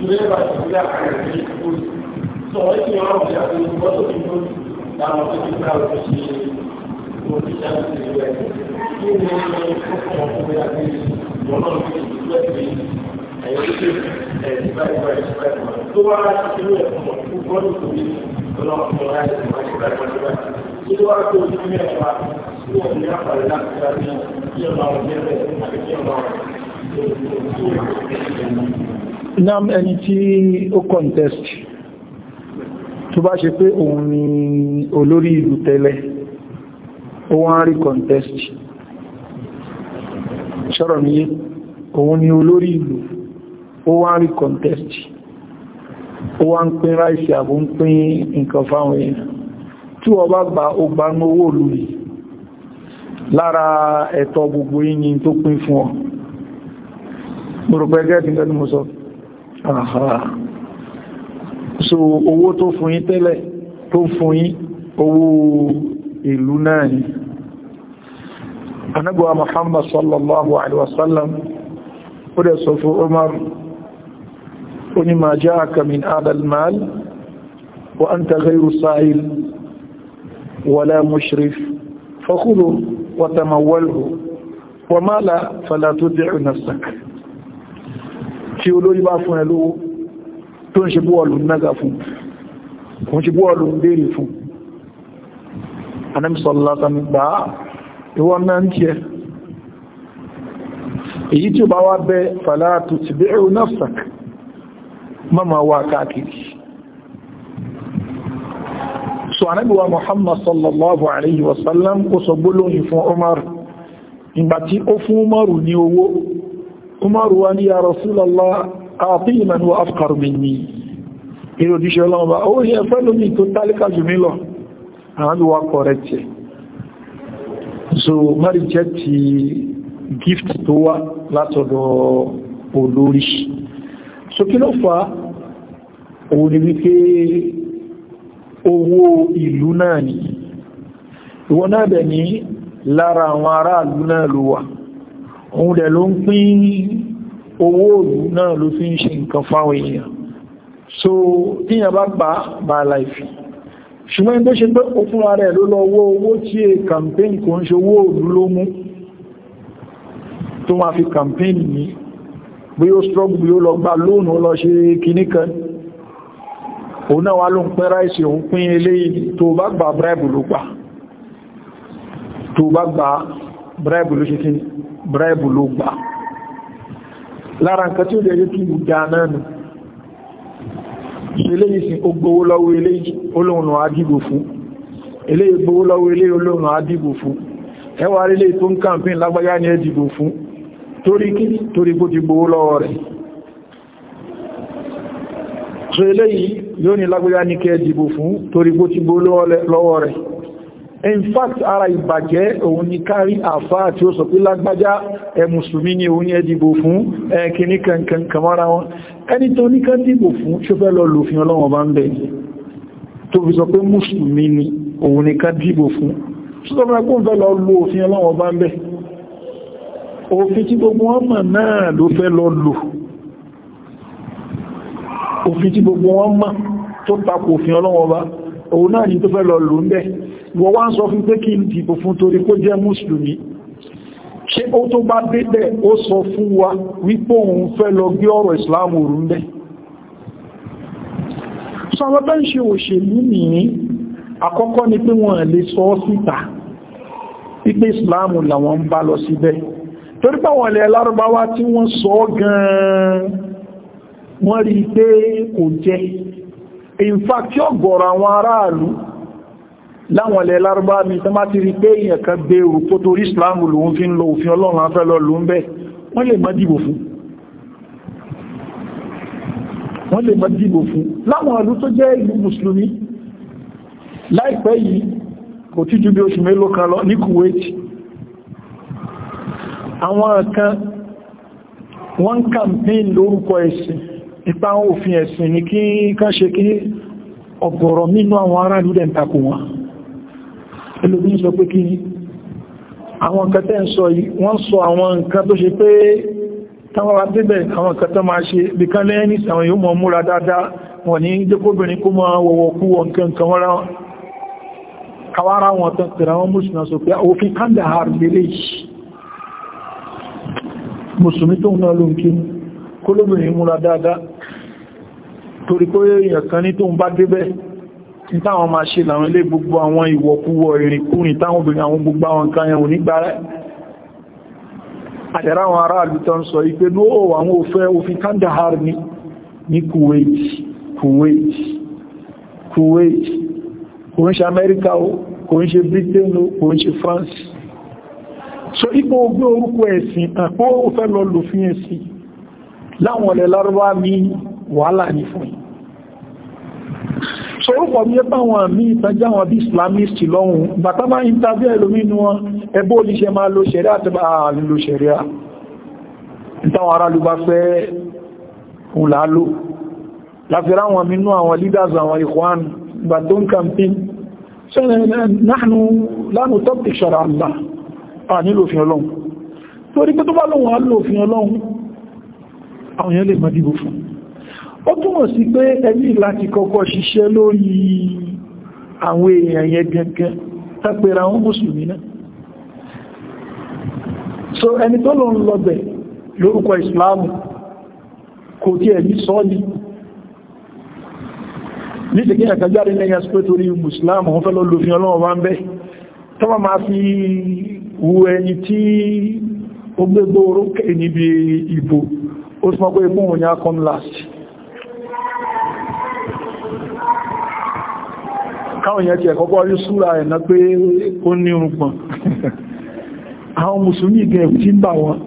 ìgbéyàwó àti nam ẹni tí ó contest tó bá ṣe pé òun ni olórí ìlú tẹ́lẹ̀ ó wọ́n rí contest ṣọ́rọ̀ níye òun ni olórí ìlú ó wọ́n rí contest ó wá ń pín ráìsì àbò ń pín nǹkan fáwọn èèyàn tí wọ́n bá gba ọgbà ń owó òlú lára ẹ̀tọ́ gbogbo yìí tó pín fún ọ mo rò pé gẹ́ẹ̀tì gẹ́ẹ̀tì mo sọ so owó tó fún yín tẹ́lẹ̀ tó fún yín owó ìlú náà ni anábúwa Muhammad sallallahu alaihi wasallam ó dẹ̀ sọ fún Umar ó ní ma ja'aka min adal mal wa anta ghayru sa'il wala mushrif fakhudhu wa tamawwalhu wa mala fala tud'i nafsaka tí olórí bá fún ẹ lówó tó ń ṣe bọ́ọ̀lù nága fún kò ń ṣe bọ́ọ̀lù ń béèrè fún anẹ́mìsọ̀lọ́sàmì gbà ìwọ náà ń tí ẹ èyí tí ó bá wá bẹ́ fàlátù ti bẹ̀rù nafsak mọ́mà wá káàkiri so anábíwa muhammad sallallahu alayhi wasallam kó sọ gbólóyìn fún Umar ìgbà tí ó fún Umaru ní owó Umar wa ni ya Rasulallah àti man wa afqar minni irò díṣẹ́ ọlọ́run bá ó yẹ fẹ́lú mi tó tálíkà jù mí lọ àwọn bí wá kọrẹ́tì so mari jẹ́ ti gift tó wá látọ̀dọ̀ olórí so kí fa òun ni wípé owó ìlú náà ni ìwọ náà bẹ̀ ní lára àwọn ará ìlú náà ló wà òun dẹ̀ ló ń pín owó òlú náà ló fi ń ṣe nǹkan fáwọn èèyàn so tíyàn bá gbà bá láìfì ṣùgbọ́n tó ṣe pé ó fúnra rẹ̀ ló lọ wó owó tí è e campaign kò ń ṣe owó òlú ló mú tó máa fi campaign ní bí ó struggle bí ó lọ gba lóònù lọ ṣe kìníkan òun náà wá ló ń pín ráìsì òun pín eléyìí tó bá gba bribe ló gbà tó bá gba bribe ló ṣe kìní bíráìbù ló gbà lára nǹkan tí ó lè rí kí ìlú dáa náà nù eléyìí sí ó gbówó lọ́wọ́ eléyìí olóòrùn àdìbò fún eléyìí gbówó lọ́wọ́ eléyìí olóòrùn àdìbò fún ẹwà rí léyìí tó ń kàmpín lágbàyá ní ẹdìbò fún torí kí torí bó ti gbówó lọ́wọ́ rẹ̀ so eléyìí yóò ní lágbàyá ní kẹ́ fún torí bó ti gbówó lọ́wọ́ rẹ̀ in fact ara ìbàjẹ́ òun ni kárí àfá tí ó sọ pé lágbájá ẹ mùsùlùmí ni òun ni ẹ dìbò fún ẹkìní kankan kamara wọn ẹni tó ní ká dìbò fún tí ó fẹ́ lọ lòfin ọlọ́wọ̀n bá ń bẹ̀ tó fi sọ pé mùsùlùmí ni òun ni ká dìbò fún tó sọ fẹ́ òfin tí gbogbo wọn mọ̀ tó tako òfin ọlọ́wọ̀n bá òun náà ni tó fẹ́ lọ lò ń bẹ̀ wọ́n wá ń sọ fún pé kí n dìbò fún torí kó jẹ́ mùsùlùmí ṣé ó tó bá débẹ̀ ó sọ fún wa wípé òun fẹ́ lọ gbé ọ̀rọ̀ ìsìláàmù rú mẹ́ sọ àwọn tó ń ṣe òṣèlú nìyí àkọ́kọ́ ni pé wọ́n lè sọ síta pípé ìsìláàmù làwọn ń bá lọ síbẹ̀ torí pàwọn ilẹ̀ lárúbáwá tí wọ́n sọ gan-an wọ́n rí pé kò jẹ́ in fact yóò gọ̀rọ̀ àwọn aráàlú láwọn ilẹ̀ lárúbá mi tó má ti rí pé èèyàn kan gbé òrùpó torí islam lòun fi ń lo òfin ọlọ́run afẹ́ lọ lòun bẹ́ wọ́n lè má dìbò fún wọ́n lè má dìbò fún láwọn ìlú tó jẹ́ ìlú mùsùlùmí láìpẹ́ yìí kò tí ju bí oṣù mélòó kan lọ ní Kuwait àwọn kan wọ́n kàmpín lórúkọ ẹ̀sìn ipa òfin ẹ̀sìn ní kí kán ṣe kí ọ̀gọ̀rọ̀ nínú àwọn ará ìlú dẹ̀ wọn ẹlòmí sọ pé kí àwọn nǹkan tẹ́ ń sọ yìí wọ́n sọ àwọn nǹkan tó ṣe pé táwọn wá débẹ̀ àwọn nǹkan tó máa ṣe bí kán lẹ́yìn nìsí àwọn yóò mọ̀ múra dáadáa wọ́n ní jẹ́kóbìnrin kó máa wọ̀wọ̀ kú ah, kólóbìnrin múra dáadáa torí pé èèyàn kan ní tó ń bá débẹ̀ táwọn máa ṣe làwọn ilé gbogbo àwọn ìwọ̀kúwọ̀ ìrìnkúrin táwọn obìnrin àwọn gbogbo àwọn nǹkan yẹn onígbà rẹ̀ àdẹ̀rà àwọn ará àlútọ́ ń sọ ipé ló àwọn òfẹ́ France so ipò ogbé orúkọ ẹ̀sìn àpó òfẹ́ lọ lòfin ẹ̀sìn láwọn ọ̀lẹ̀ lárúbá ní wàhálà ní fún yìí sorúkọ bí ẹpá wọn àmì ìtajà wọn bí islamist lọ́hun bàtà máa ń tàbí ẹlòmínú wọn ẹbó olíṣẹ́ máa lo ṣẹ̀ríà àtẹ́bà àlúlò ṣẹ̀ríà ìtàwọn ará ló bá fẹ́ ńlálò láfẹ́rá wọn mínú àwọn leaders àwọn ikhwan gbà tó ń campaign sẹ́nàánú lánà tọ́pì ṣọ̀rọ̀ àmà à nílò òfin ọlọ́run torí pé tó bá lóhun á lò ó túnmọ̀ sí pé ẹni láti kọ́kọ́ ṣiṣẹ́ lórí àwọn èèyàn yẹn gẹ́gẹ́ tápẹ̀rẹ̀ àwọn mùsùlùmí náà so ẹni tó lọ ń lọ́bẹ̀ lórúkọ ìsìláàmù kò tí ẹ̀mí sọ́ọ̀lì ní ṣe kí ẹ̀kà jáde ní ẹ̀yàn pé torí mùsùlùmí wọ́n fẹ́ lọ lòfin ọlọ́wọ́ bá bẹ́ tó wọ́n máa fi wu ẹni tí ó gbégbó orókè níbi ìbò ó sì pé ikú òun yá káwọn yẹn ti ẹ̀kọ́kọ́ rí súra ẹ̀nà pé ó ní orúgbọ̀n àwọn musulmi ìgẹ̀ ẹ̀kù tí ń bà wọn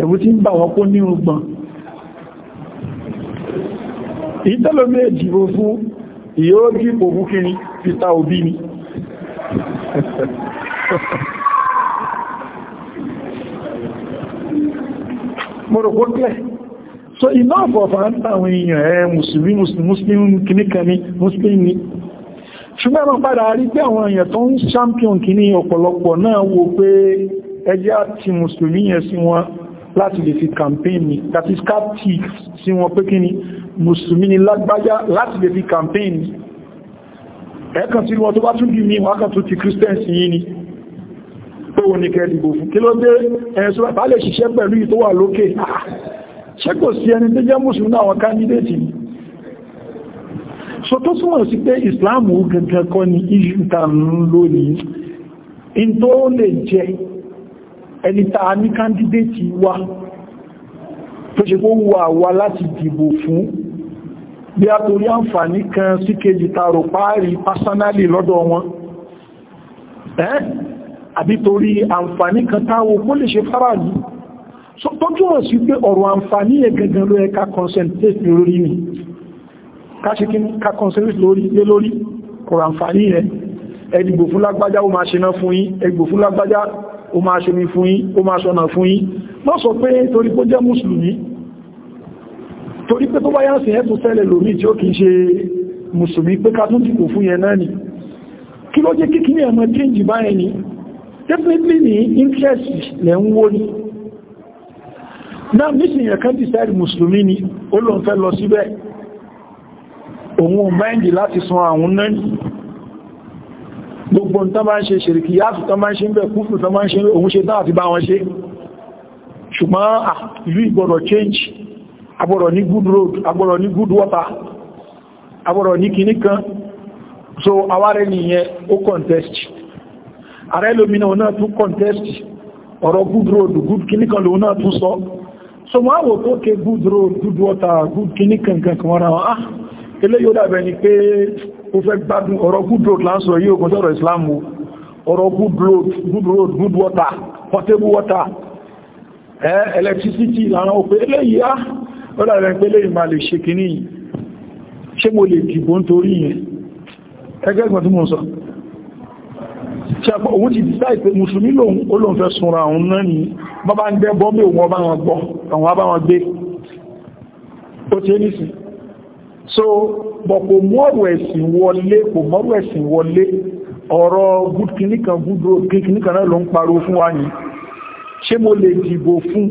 ẹ̀kù tí ń bà wọn kó ní orúgbọ̀n èyí tẹ́lómí ìdìbò fún Peter Obi ni mo rò so enough of àwọn èèyàn ẹ musulmi muslim kìníkàní muslim ni ṣùgbọ́n ẹ̀mọ̀ padà rí pé àwọn èèyàn tó ń champion kìíní ọ̀pọ̀lọpọ̀ náà wo pé ẹjẹ́ àti musulmi yẹn sí wọn láti lè fi campaign ni that is captive sí wọn pé kìíní musulmi ni lágbájá láti lè fi campaign ni ẹ̀kan tí wọ́n tó bá tún bí mi wọ́n kàn tó ti christians yìí ni pé wọ́n ní kẹ́ dìbò fún kí ló dé ẹ̀sùn àbálẹ̀ ṣiṣẹ́ pẹ̀lú ìtọ́wà lókè ah! ṣé kò sí ẹni tó jẹ́ mùsùlùmí náà àwọn kandidati so tó súnmọ̀ sí pé islam gẹ̀gẹ̀ kọ́ ni ìṣúta lónìí in tó lè jẹ ẹni tàà ní kandidati wa tó ṣe kó wà wá láti dìbò fún bí a torí àǹfààní kan sí kejì tààrò páàrí pásánálì lọ́dọ̀ wọn ẹ́ àbí kan táwọn kó lè ṣe fáráàlú tó túnmọ̀ sí pé ọ̀rọ̀ àǹfààní yẹn gangan ló yẹ ká concentrate lórí mi káṣe kí ká concentrate lé lórí ọ̀rọ̀ àǹfààní yẹn ẹdìgbò fún lágbájá ó máa ṣe náà fún yín ẹgbò fún lágbájá ó máa ṣe mi fún yín ó máa ṣọ̀nà fún yín lọ́ sọ pé torí pé jẹ́ mùsùlùmí torí pé tó bá yánsì ẹ́ tó fẹ́lẹ̀ lómi tí ó kìí ṣe mùsùlùmí pé ká tún dìbò fún yẹn náà ni kí ló jẹ́ kíkí ní ẹ̀mọ́ change báyẹn ni definitely ní interest lẹ́ ń wó ni náà nísìnyàn kan ti sẹ́rì mùsùlùmí ni ó lóun fẹ́ lọ síbẹ̀ òun ò mẹ́ndì láti san àwọn náà gbogbo tán bá ń ṣe ṣìrìkì yàtù tán bá ń ṣe ń bẹ̀ kúfù tán bá ń ṣe òun ṣe tán àti bá wọn ṣe ṣùgbọ́n change agbọ́dọ̀ good road agbọ́dọ̀ good water agbọ́dọ̀ ní so awárẹ́ nìyẹn ó contest ààrẹ lómìnà náà tún contest ọ̀rọ̀ good road good kìíní kan lòun náà tún sọ so wọ́n wò tó ké good road good water good kìíní kankan kan wọ́n ah ilé da dàbẹ̀ ni pé ó fẹ́ gbádùn ọ̀rọ̀ good road láńsọ yìí òkun sọ́rọ̀ Islam ọ̀rọ̀ good road good road good water potable water eh, electricity lára òpé ilé yìí ah ó dàbẹ̀ pé ilé ìmà lè ṣe kìíní ṣé mo lè dìbò nítorí yẹn ẹgbẹ́gbọ́n tí mo sọ ṣẹ́pọ̀ òun ti dídá ìpé mùsùlùmí lòun ó lòun fẹ́ súnra òun náà ni bọ́bá ń gbẹ́gbọ́ mé òun ọba wọn gbọ́ àwọn abá wọn gbé ó tí é nìsìn so bọ̀ kò mọ́rọ̀ ẹ̀sìn wọlé kò mọ́rọ̀ ẹ̀sìn wọlé ọ̀rọ̀ good clinical good road clinical náà ló ń pariwo fún wa yìí ṣé mo lè dìbò fún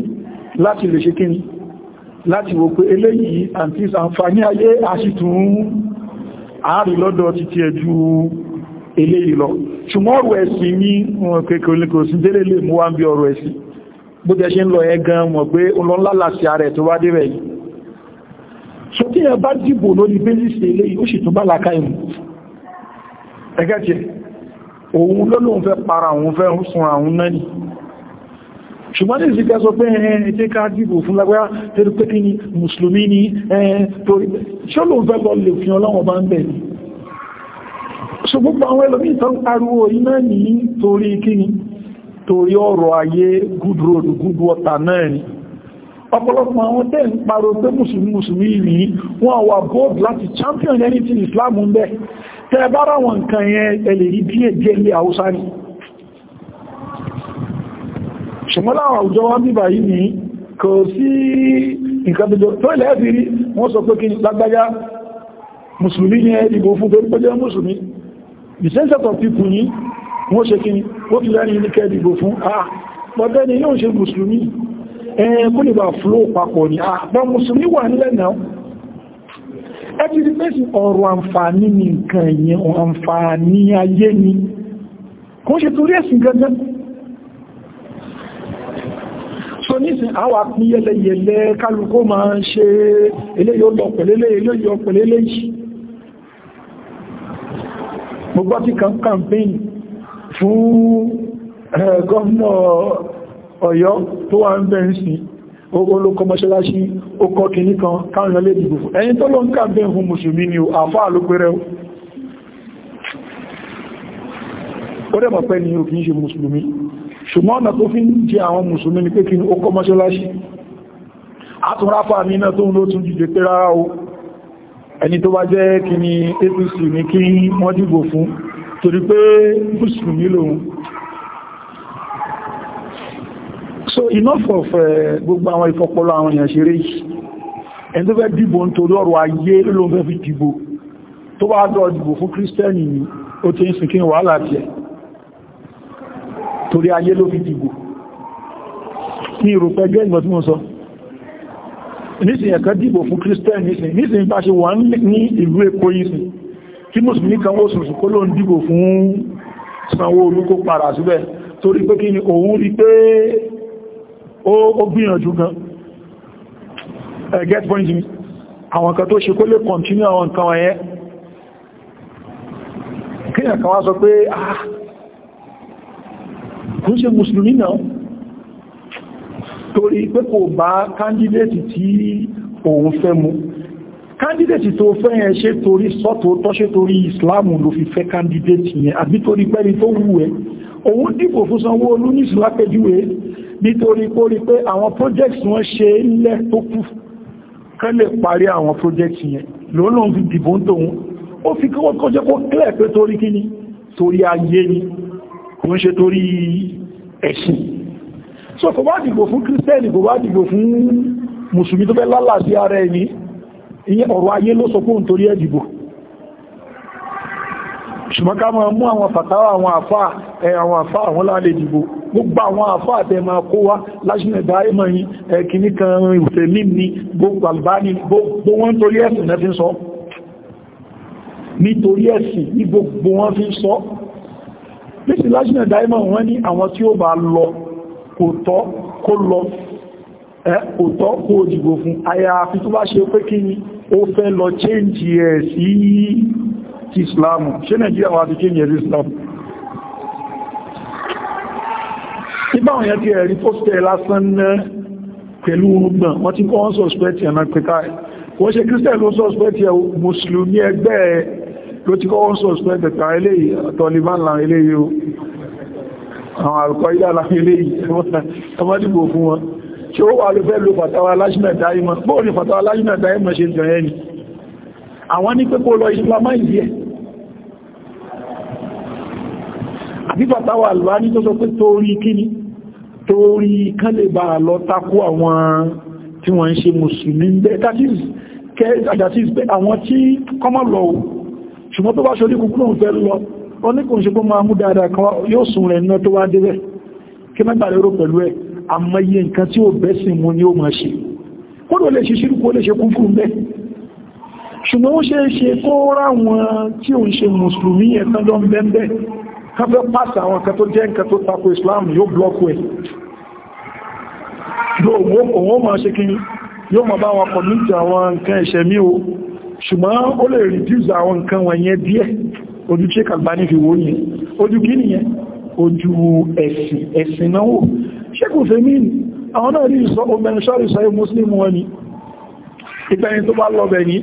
láti lè ṣe eléyìí lọ ṣùgbọ́n ọ̀rọ̀ ẹ̀sìn ní kékeré kò sí délé lè mú wá ń bí ọ̀rọ̀ ẹ̀sìn bó tẹ́ ṣe ń lọ ẹ gan mọ̀ pé olóńlálàsí ààrẹ tó wá débẹ̀ yìí so tí ẹ bá dìbò lórí bẹ́lísì ilé ó sì tún bá làkà para òun fẹ́ sun àwọn ni ṣùgbọ́n ní ìsìnkẹ́ sọ pé ẹ̀ẹ́ tí ká dìbò fún lágbára tẹ́lú pé ni mùsùlùmí ni ẹ̀ẹ́ torí ṣọ́lọ́un fẹ́ lọ lè fi ọlọ́wọ́ bá ń bẹ̀ so gbogbo àwọn ẹlòmí ìtàn ariwo yìí náà ní torí kíni torí ọrọ̀ ayé good road good water náà ni ọ̀pọ̀lọpọ̀ àwọn tẹ́ ń paro pé mùsùlùmí mùsùlùmí rí wọ́n wà bold láti champion anything Islam ń bẹ́ tẹ́ bá ráwọn nǹkan yẹn ẹlẹ̀ rí bí èdè ilé Haúsá ni ṣùgbọ́n àwùjọ wọn bíbà yìí ni kò sí nǹkan the sense of people ní wọ́n ṣe kí ní ó fi lẹ́rin ní kẹ́dìgbò fún ah bọ́bẹ́ ni yóò ṣe mùsùlùmí ẹ̀yẹn kó lè bá fúlò papọ̀ ní àpá ah, mùsùlùmí wà nílẹ̀ náà ẹ ti rí pẹ́sì ọ̀rọ̀ àǹfààní ní nǹkan ẹ̀yẹn àǹfààní ayé ni kò ṣe torí ẹ̀sìn gangan so nísìn àwọn apín yẹlẹyẹlẹ kálukó máa ń ṣe eléyìí ó lọ pẹ̀lẹ́lẹ́ eléyìí ó pẹ̀lẹ́lẹ́ mo gbọ́ tí kan campaign fún gọ́ọ̀nà ọ̀yọ́ tó wà ń bẹ̀rẹ̀ sí olókọ mọ́ṣáláṣí okọ̀ kìíní kan káàrin olè dìbò fún ẹni tó lọ ń campaign fún mùsùlùmí ni àfáà ló pẹ́rẹ́ ó rẹ̀ mọ̀ ni ò kìí ṣe mùsùlùmí ṣùgbọ́n ọ̀nà tó fi ń jẹ àwọn mùsùlùmí ni pé kí ni ó àtúnráfà ní iná tó ń ló tún pé rárá o ẹni tó bá jẹ́ kí ni apc ní kí wọ́n dìbò fún torí pé mùsùlùmí lòun so enough of eh, gbogbo àwọn ìfọpọlọ àwọn èèyàn ṣeré yìí ẹni tó fẹ́ dìbò ń torí ọ̀rọ̀ ayé ló fẹ́ fi dìbò tó bá dọ̀ dìbò fún kírísítẹ́nì ó ti ń sìnkí wàhálà tiẹ̀ torí ayé ló fi dìbò ní ìròpẹ́gẹ́ ìgbọ̀ tí mo sọ nísìn ẹ̀kan dìbò fún Christian nísìn nísìn bá ṣe wà ní ìlú Èkó yìí kí mùsùlùmí kan ó sùsù kó ló ń dìbò fún Sanwó-Olú kó padà síbẹ̀ torí pé kí ni òun rí pé ó gbìyànjú gan get point mi àwọn kan tó ṣe kó lè continue àwọn nǹkan wọ̀nyẹn kíyàn kan wá sọ pé ah kún ṣe mùsùlùmí náà torí pé kò bá kándídéètì tí òun fẹ́ mú kándídéètì tó fẹ́ yẹn ṣe torí sọ́tò tọ́ṣe torí islamu ló fi fẹ́ kándídéètì yẹn àbí torí pẹ́ni tó wù ẹ́ òun dìbò fún Sanwó-Olú ní ìsìlápẹ́júwé nítorí kó rí pé àwọn projects wọ́n ṣe lẹ́ tó kù kán lè parí àwọn projects yẹn lóòrùn fi dìbò ń tòun ó fi kọ́kọ́ jẹ́ kó clear pé torí kíní torí ayé ni kò ń ṣe torí ẹ̀sìn so kò bá dìgbò fún kírísítẹ́nì kò bá dìgbò fún mùsùlùmí tó fẹ́ lálà sí ara ẹni ìyẹn ọ̀rọ̀ ayé ló sọ pé òun torí ẹ̀dìbò ṣùgbọ́n ká máa mú àwọn fàtàwà àwọn àfáà ẹ àwọn àfáà àwọn láàlẹ̀ ìdìbò gbogbo àwọn àfáà tẹ máa kó wá láṣínẹ̀ dáyé mọ̀ yí kan ìfẹ̀mí ní gbogbo àlbáni gbogbo wọn torí ẹ̀sìn náà sọ nítorí ẹ̀sìn ní gbogbo wọn fi sọ kò tọ́ kó lọ ẹ́ kò tọ́ kó dìbò fún àyàfi tó bá ṣe pé kí ni fẹ́ lọ change ẹ̀ sí Islam ṣé Nàìjíríà wà ti change ẹ̀ sí Islam ìbáwọn yẹn ti ẹ̀rí pósítẹ̀ lásán náà pẹ̀lú ọgbọ̀n wọ́n ti kọ́ wọ́n sọ̀spẹ́tì ẹ̀nà pẹ̀ká ẹ̀ wọ́n ṣe kírísítẹ̀ ló sọ̀spẹ́tì mùsùlùmí ẹgbẹ́ ló ti kọ́ wọ́n sọ̀spẹ́tì ẹ̀ká eléyìí Taliban láwọn eléyìí àwọn àrùkọ ilé aláfẹ́ ilé yìí ọmọdìbò fún wọn tí ó wà ló fẹ́ lo fàtàwà aláṣínà dáímọ̀ bóò ní fàtàwà aláṣínà dáímọ̀ ṣe jọ ẹni àwọn ní pé kó lọ ìsìlámá ìdí ẹ̀ àbí fàtàwà àlùwá ní tó sọ pé torí kíni torí kán lè bá lọ takú àwọn tí wọ́n ń ṣe mùsùlùmí ń bẹ́ tàbí àwọn tí kọ́mọ̀ lọ ṣùgbọ́n tó bá ṣorí kúkúrò ń fẹ́ lọ oníkùn ṣe kó máa mú dáadáa kan yóò sùn rẹ̀ náà tó wá débẹ̀ kí mẹ́gbà lérò pẹ̀lú ẹ̀ àmọ́yé nǹkan tí ó bẹ́sìn mú ní ó máa ṣe kódò lè ṣe ṣírùkú lè ṣe kúnkún bẹ́ ṣùgbọ́n ó ṣe é ṣe kó ráwọn tí ó ń ṣe mùsùlùmí ẹ̀kan lọ bẹ́ẹ̀ ká fẹ́ pàṣẹ àwọn kan tó jẹ́ nǹkan tó tako Islam yóò blọ́kù ẹ̀ òun máa ṣe kí yóò máa bá wọn kọ̀mítì ojú tí kàgbà ní fi wó yẹn ojú kí nìyẹn ojú ẹ̀sìn ẹ̀sìn náà wò ṣékù fèmín àwọn náà rí ìsọ omen sọ́rì sọ́yí muslim wọn ni ìpẹ́yìn tó bá lọ́bẹ̀ ní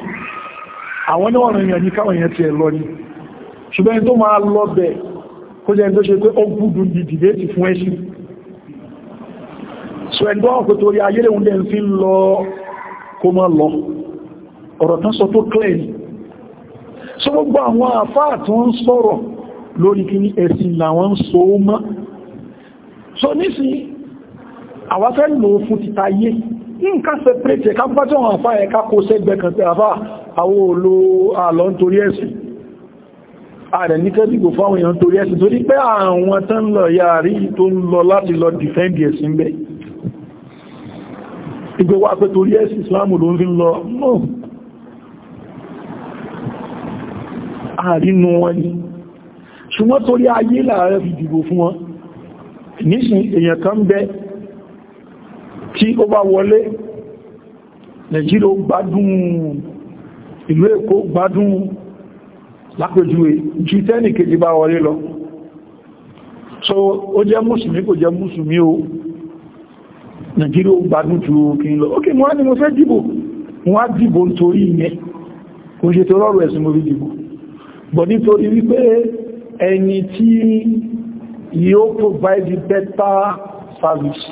àwọn ní ọ̀rọ̀ káwọn èèyàn ti ẹ̀ lọ ni ṣùgbẹ́yìn tó máa lọ́bẹ̀ kó jẹ́ tó ṣe pé ó gúdùn di dìbétì fún ẹ̀sìn so ẹgbọ́n ọkọ̀ torí so gbogbo àwọn àfáà tó ń sọ̀rọ̀ lórí kí ẹ̀sìn làwọn ń so mọ́ so nísì àwáfẹ́ lò fún títa yé nǹkan separate ká pàtí àwọn àfáà ẹ̀ká kó sẹ́gbẹ̀ kan tẹ́ àfáà àwọn olò àlọ́ nítorí ẹ̀sìn ààrẹ ní kẹ́dìgbò fáwọn èèyàn torí ẹ̀sìn torí pé àwọn àrínú wọn ni ṣùgbọ́n torí ayé láàrẹ fi dìbò fún wọn nísìn èèyàn kan bẹ tí ó bá wọlé nàìjíríà ó gbádùn ìlú èkó gbádùn lápẹjúwe ju tẹ́nì kejì bá wọlé lọ so ó jẹ́ mùsùlùmí kò jẹ́ mùsùlùmí o nàìjíríà gbádùn ju kìí lọ ok mo wá ní mo fẹ́ dìbò mo wá dìbò nítorí ìyẹn kò ṣe tó rọrùn ẹ̀sìn mo fi dìbò bọ̀ nítorí wípé ẹni tí yóò provide better service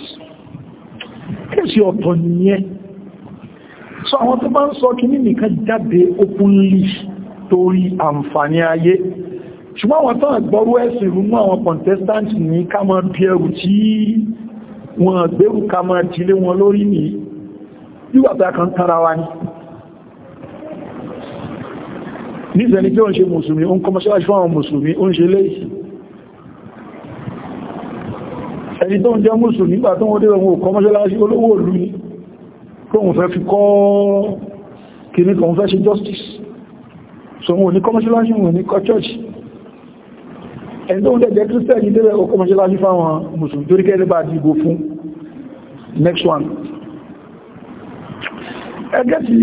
kẹsì ọ̀tọ̀ nìyẹn so àwọn tó bá ń sọ kí ní nìkan jáde openly torí àǹfààní ayé ṣùgbọ́n àwọn tán àgbọ́rú ẹ̀sìn rúnú àwọn contestant ní ká máa bí ẹrù tí wọ́n gbérù ká máa jílé wọn lórí ní ìwàtà kan tara wa nífẹ̀ẹ́ ni pé ó ń ṣe mùsùlùmí ó ń kọ́ mọ́ṣáláṣí fún àwọn mùsùlùmí ó ń ṣe léèṣì ẹni tó ń jẹ́ mùsùlùmí nígbà tó wọ́n dé ohun òkọ́ mọ́ṣáláṣí olówó òlú ni tóhun fẹ́ fi kọ́ kìíní kan fẹ́ ṣe justice so wọn ní kọ́ mọ́ṣáláṣí wọn ní kọ́ church ẹni tó ń jẹ́ kírísítẹ́ẹ̀ni débẹ̀ ó kọ́ mọ́ṣáláṣí fáwọn mùsùlùmí torí kẹ́ bá dìbò fún next one ẹgẹ́ ti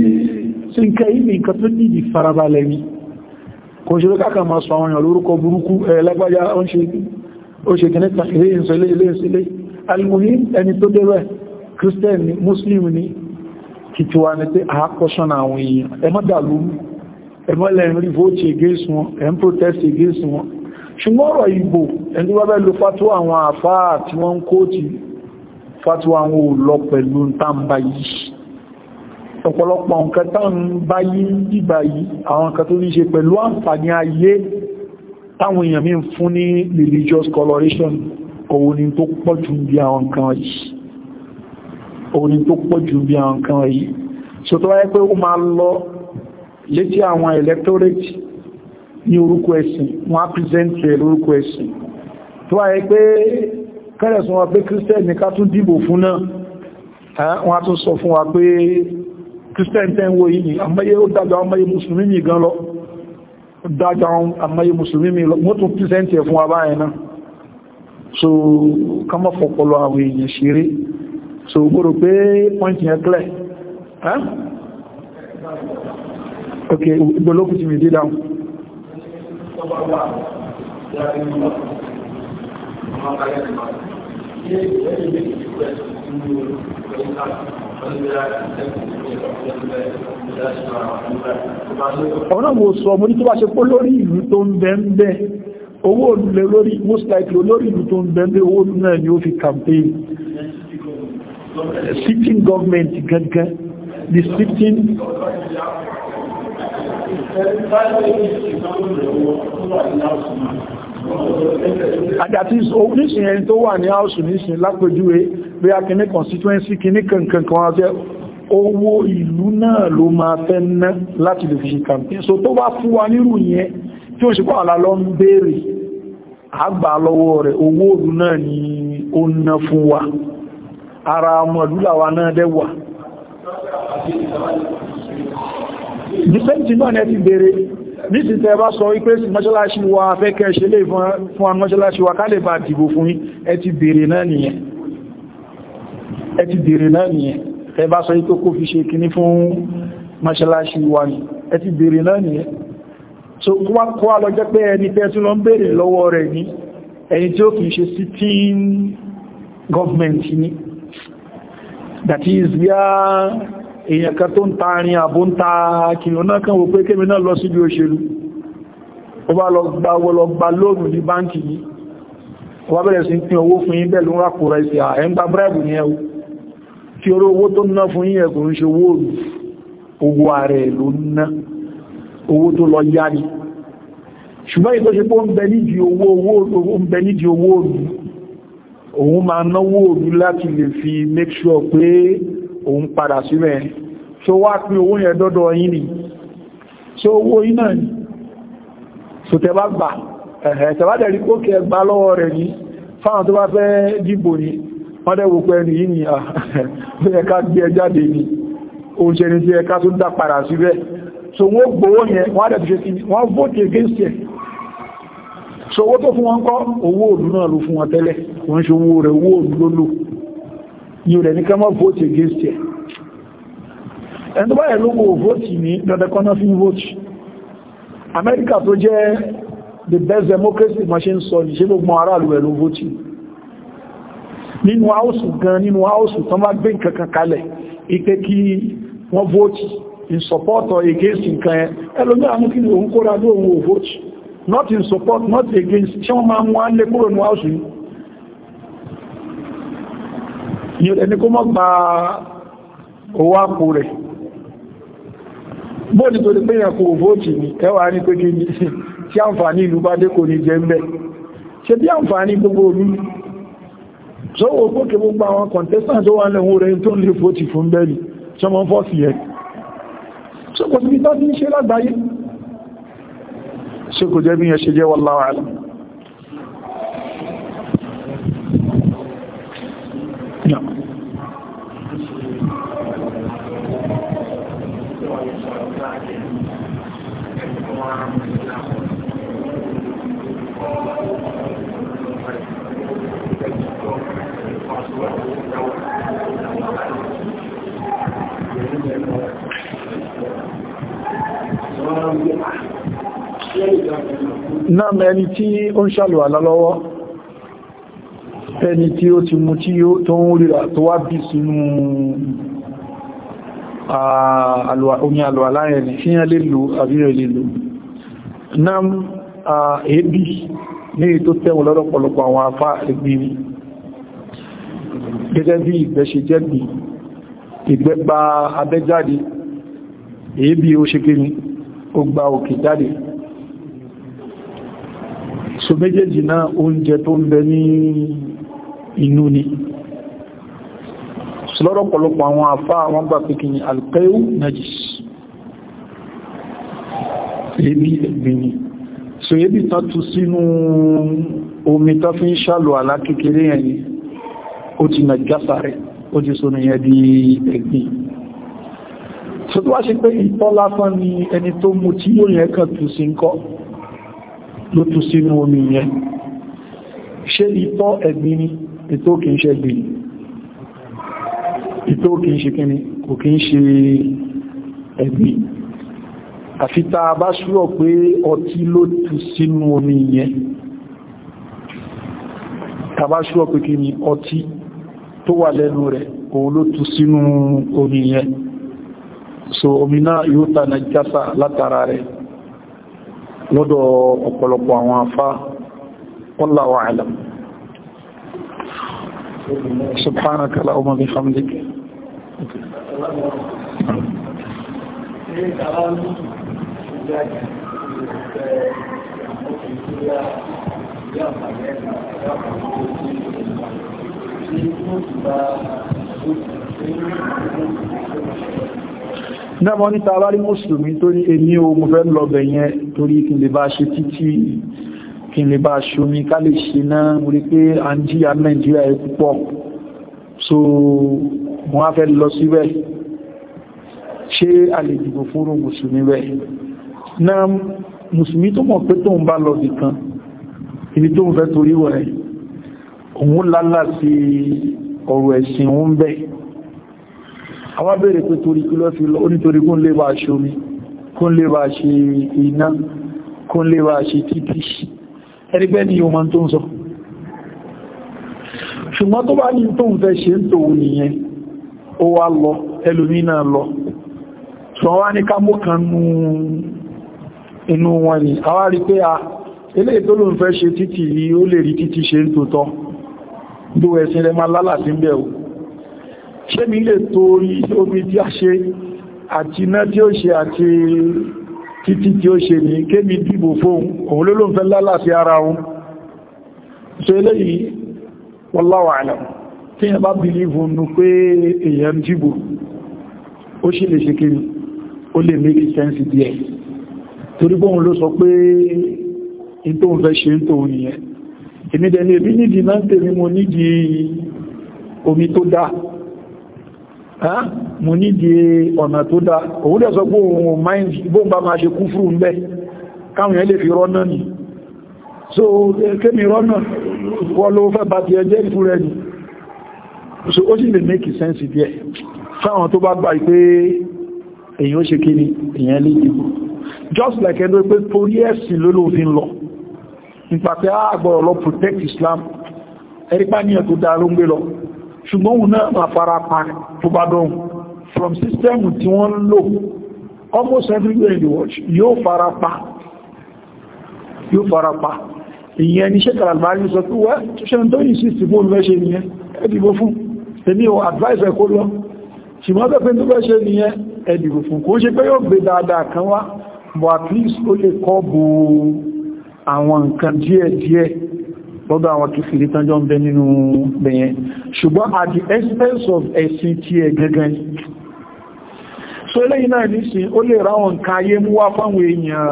ṣe nǹkan ìmì nǹkan tó ní ìfarabalẹ̀ ni kò ṣe ló káàkà máa sọ àwọn èèyàn lórúkọ burúkú ẹ̀lẹ́gbájá ó ṣe kìnnìkà ilé ìsẹ̀lẹ̀ ilé ìsẹ̀lẹ̀ alìmòhí ẹni tó dẹ́rẹ̀ Christian ni Muslim ni kìtíwà ní pé àákọ́ṣán àwọn èèyàn ẹmọ́ dàlú ẹmọ́ lẹ́rin ọ̀pọ̀lọpọ̀ nǹkan tán bá yí dìgbà yìí àwọn nǹkan tó ní ṣe pẹ̀lú àǹfààní ayé táwọn èèyàn mi ń fún ní religious coloration òun ni tó pọ̀ jù bí àwọn nǹkan yìí òun ni tó pọ̀ so tó wáyé pé ó máa lọ létí àwọn electorate ní orúkọ ẹ̀sìn wọ́n á present rẹ̀ lórúkọ ẹ̀sìn tó wáyé pé kẹ́rẹ̀sùn wa pé Christian ní ká tún dìbò fún náà wọ́n á tún sọ fún wa pé christian ten ni yìí amáyé ó dájọ amáyé musulmi mi gan lọ dájọ amáyé musulmi mi lọ mọ́tún christian tẹ̀ fún abáyẹn náà so kama má fọ̀pọ̀lọ àwọn èèyàn ṣeré so gbọ́rọ̀ pé point yẹn clear eh? ok ìgbòlókù ti mi dé Thank you ọ̀nà mo sọ mo ní tó bá ṣe pó lórí ìlú tó ń bẹ ń bẹ owó olùlẹ̀ lórí most likely olórí ìlú tó ń bẹ ń bẹ owó náà ni ó fi campaign sitting government gangan the sitting Thank àdàtí oníṣìn ẹni tó wà ní áùsù níṣìn lápẹjúwé bí a kìíní constituency kìíní kankan kan wá jẹ́ owó ìlú náà ló máa fẹ́ ná láti lè fi ṣe campaign so tó bá fún wa nírú yẹn tí ó ṣe pọ̀ àlálọ́ ń béèrè àgbà lọ́wọ́ rẹ̀ owó ìlú náà ni ó ná fún wa ara ọmọ ìlúlàwà náà dẹ́wà dìfẹ́ntì náà ní ẹ nísìn tẹ́ bá sọ wípé mọ́ṣáláṣí wa afẹ́kẹ́ ṣe lè fún mọ́ṣáláṣí wa ká lè bá dìbò fún ẹ ti bèèrè náà nìyẹn ẹ ti bèèrè náà nìyẹn tẹ́ bá sọ wípé kó fi ṣe kíní fún mọ́ṣáláṣí wa ni ẹ ti bèèrè náà so kó wá lọ jẹ́ pé ẹni tẹ́ tún lọ ń bèèrè lọ́wọ́ rẹ̀ ní ẹni government ni that is where èèyàn kan tó ń ta arin àbó ń ta kìnnà náà kan wò pé kémi náà lọ síbi òṣèlú ó bá lọ gba wọlọ gba lóòrùn ní báńkì yìí wọ́n bẹ̀rẹ̀ sí pín owó fún yín bẹ̀lú rákùnrà ìsẹ̀ àẹ́gbà bẹ́ẹ̀bù ní ẹwú kí oró owó tó ná fún yín ẹ̀kùn ṣe owó owó ààrẹ ni ṣùgbọ́n ìtọ́ ṣe pé ó ń bẹ nídìí owó òrù òun máa make sure pé òun padà sílẹ̀ tó wá pín owó yẹn dọ́dọ̀ yín ni tó owó yín náà ni so tẹ bá gbà ẹ̀hẹ̀ tẹ bá dẹ̀rí kó kẹ gbà lọ́wọ́ rẹ̀ ní fáwọn tó bá fẹ́ dìbò ní wọ́n dẹ̀ wò pé ẹni yìí ni ah, ẹ̀ká gbé ẹ jáde ni oúnjẹ You then ní ká vote against ẹ̀ ẹni tó báyẹ̀ ló kò vote ní dandankọ́nà fi vote America tó jẹ́ the best democracy machine ṣe ń sọ ní ṣe gbogbo aráàlú ẹ̀ ló vote nínú áùsù gan nínú áùsù tán bá gbé nǹkan kan kalẹ̀ ipé kí vote in support or against nǹkan ẹ ẹlòmí àwọn kí ni òun kóra lóòun ò vote not in support not against ṣe wọ́n máa mú á lé ẹni kó mọ́ gba owó àpò rẹ̀ bó ní torí pé ìyàkó vóòtì ní ẹwà ní pé kí ní tí àǹfààní ìlú bá dé kò ní jẹ mẹ́ ṣe bí àǹfààní gbogbo olú so wo kókè gbogbo àwọn contestants ó wà lẹ́wọ́ rẹ̀ tó ń lè vóòtì fún bẹ́ẹ̀lì sọmọ fọ́sì sí bí náà mẹ́rin tí ó ń ṣàlùwà lọ́wọ́ tẹni tí ó ti mú tí tó ń ríra tó wá bí sínú omi àlùwàlá ẹni tí yẹn lè lò àbíyàn lè lò náà èébì ní ètò tẹ́wọ̀n lọ́rọ̀ pọ̀lọpọ̀ àwọn afá ẹgbìrì gẹ́gẹ́ bí ìgbẹ́ jẹ́gbì ìgbẹ́ gba abẹ́jáde èébì ó ṣe kéré ó gba òkè jáde so méjèèjì náà oúnjẹ tó ń bẹ ní inú ni ṣùlọ́rọ̀ pọ̀lọpọ̀ àwọn àfá àwọn gbà pé ni alkaiu najis ebi ẹgbìnì so ebi tán tú sínú omi tán fi ń ṣàlò àlá kékeré ẹni ó ti nà jásà rẹ̀ ó ti sọ nìyẹn di ẹgbìn so tó wá ṣe pé ìtọ́ lásán ni ẹni tó mú tí yóò yẹn ṣe ìtọ́ ẹgbìn ìtò kì ń ṣe gbì ìtò kì ń ṣe kíni kò kì ń ṣe ẹ̀gbì àfíta bá ṣúrọ̀ pé ọtí ló tú sínú omi yẹn tàbá ṣúrọ̀ pé kíni ọtí tó wà lẹ́nu rẹ̀ òun ló tú sínú omi yẹn so omi náà yóò tà na jásà látara rẹ̀ lọ́dọ̀ ọ̀pọ̀lọpọ̀ àwọn afá wallahu a'lam سبحانك اللهم بحمدك Náàmọ́ níta bá rí Mùsùlùmí tó ní èmi o, mo fẹ́ lọ bẹ̀yẹn torí kí lè bá ṣe títí kí n lè bá ṣomi ká lè ṣe náà mo rí pé à ń jíyà nàìjíríà ẹ púpọ̀ so mo wá fẹ́ lọ síbẹ̀ ṣé a lè dìbò fúnrú mùsùlùmí bẹ̀ náà mùsùlùmí tó mọ̀ pé tóun bá lọ nìkan ibi tóun fẹ́ torí wọ̀ rẹ̀ òun lálá sí ọ̀rọ̀ ẹ̀sìn òun bẹ̀ àwọn abẹ́rẹ̀ pé torí kí lọ́ fi lọ onítorí kún lè bá ṣomi kún lè bá ṣe iná kún lè bá ṣe títí ẹ̀rígbẹ́ ni yóò máa tó ń sọ ṣùgbọ́n tó bá ní tó ń fẹ́ ṣe ń tó nìyẹn ó wá lọ ẹlòmí náà lọ ṣùgbọ́n wá ní kámó kan inú wọn ni a wá rí pé a ilé tó ló ń fẹ́ ṣe títì yìí ó lè rí títì ṣe ń tòótọ́ bí wẹ̀ sí rẹmà lálàtí ń bẹ̀rù ṣé mi lè torí omi tí a ṣe àti iná tí ó ṣe àti títí tí ó ṣe ní kémi dìbò fóun òun ló ló ń fẹ́ lálàsí ara òun so eléyìí wallahu a'lam tí yẹn bá bìlìvù nù pé èyàn dìbò ó ṣe lè ṣe kiri ó lè make sense díẹ̀ torí bóhun ló sọ pé in fẹ́ ṣe ń nìyẹn mo nídi ọ̀nà tó dá òun dẹ̀ sọ pé òun mind bóun bá máa ṣe kú fúrú ń bẹ́ káwọn yẹn fi rọ́nà nì so eh, kémi rọ́nà wọ́n ló fẹ́ bá ti ẹjẹ́ ìfú rẹ̀ nì so ó sì lè make sense díẹ̀ fáwọn tó bá gbà pé èyàn ó ṣe kí ni èyàn lè dìbò just like ẹni pé torí ẹ̀sìn lólóòfin lọ nípa pé àgbọ̀rọ̀ ah, lọ protect Islam ẹ̀rípa ní ẹ̀ tó dá ló ń gbé lọ ṣùgbọ́n òun náà máa fara pa tó bá from system tí wọ́n ń lò almost everywhere in the world yóò fara pa yóò fara pa ìyẹn ni ṣẹ́kàrà àgbáyé sọ pé wẹ́ tó ṣe ń tó yìí sí ìsìnkú olùwẹ́ṣe nìyẹn ẹ̀dìbò fún èmi ò advice ẹ̀kọ́ lọ ṣùgbọ́n tó pé tó fẹ́ ṣe nìyẹn ẹ̀dìbò fún kò ṣe pé yóò gbé dáadáa kan wá but at least ó lè kọ́ bu àwọn nǹkan díẹ̀díẹ̀ lọ́dọ̀ àwọn kìfìrí tán jọ ń bẹ nínú bẹ̀yẹn ṣùgbọ́n at the expense of ẹ̀sìn tí ẹ gẹ́gẹ́ so eléyìn náà nísìn ó lè ráwọn nǹkan ayé mú wá fáwọn èèyàn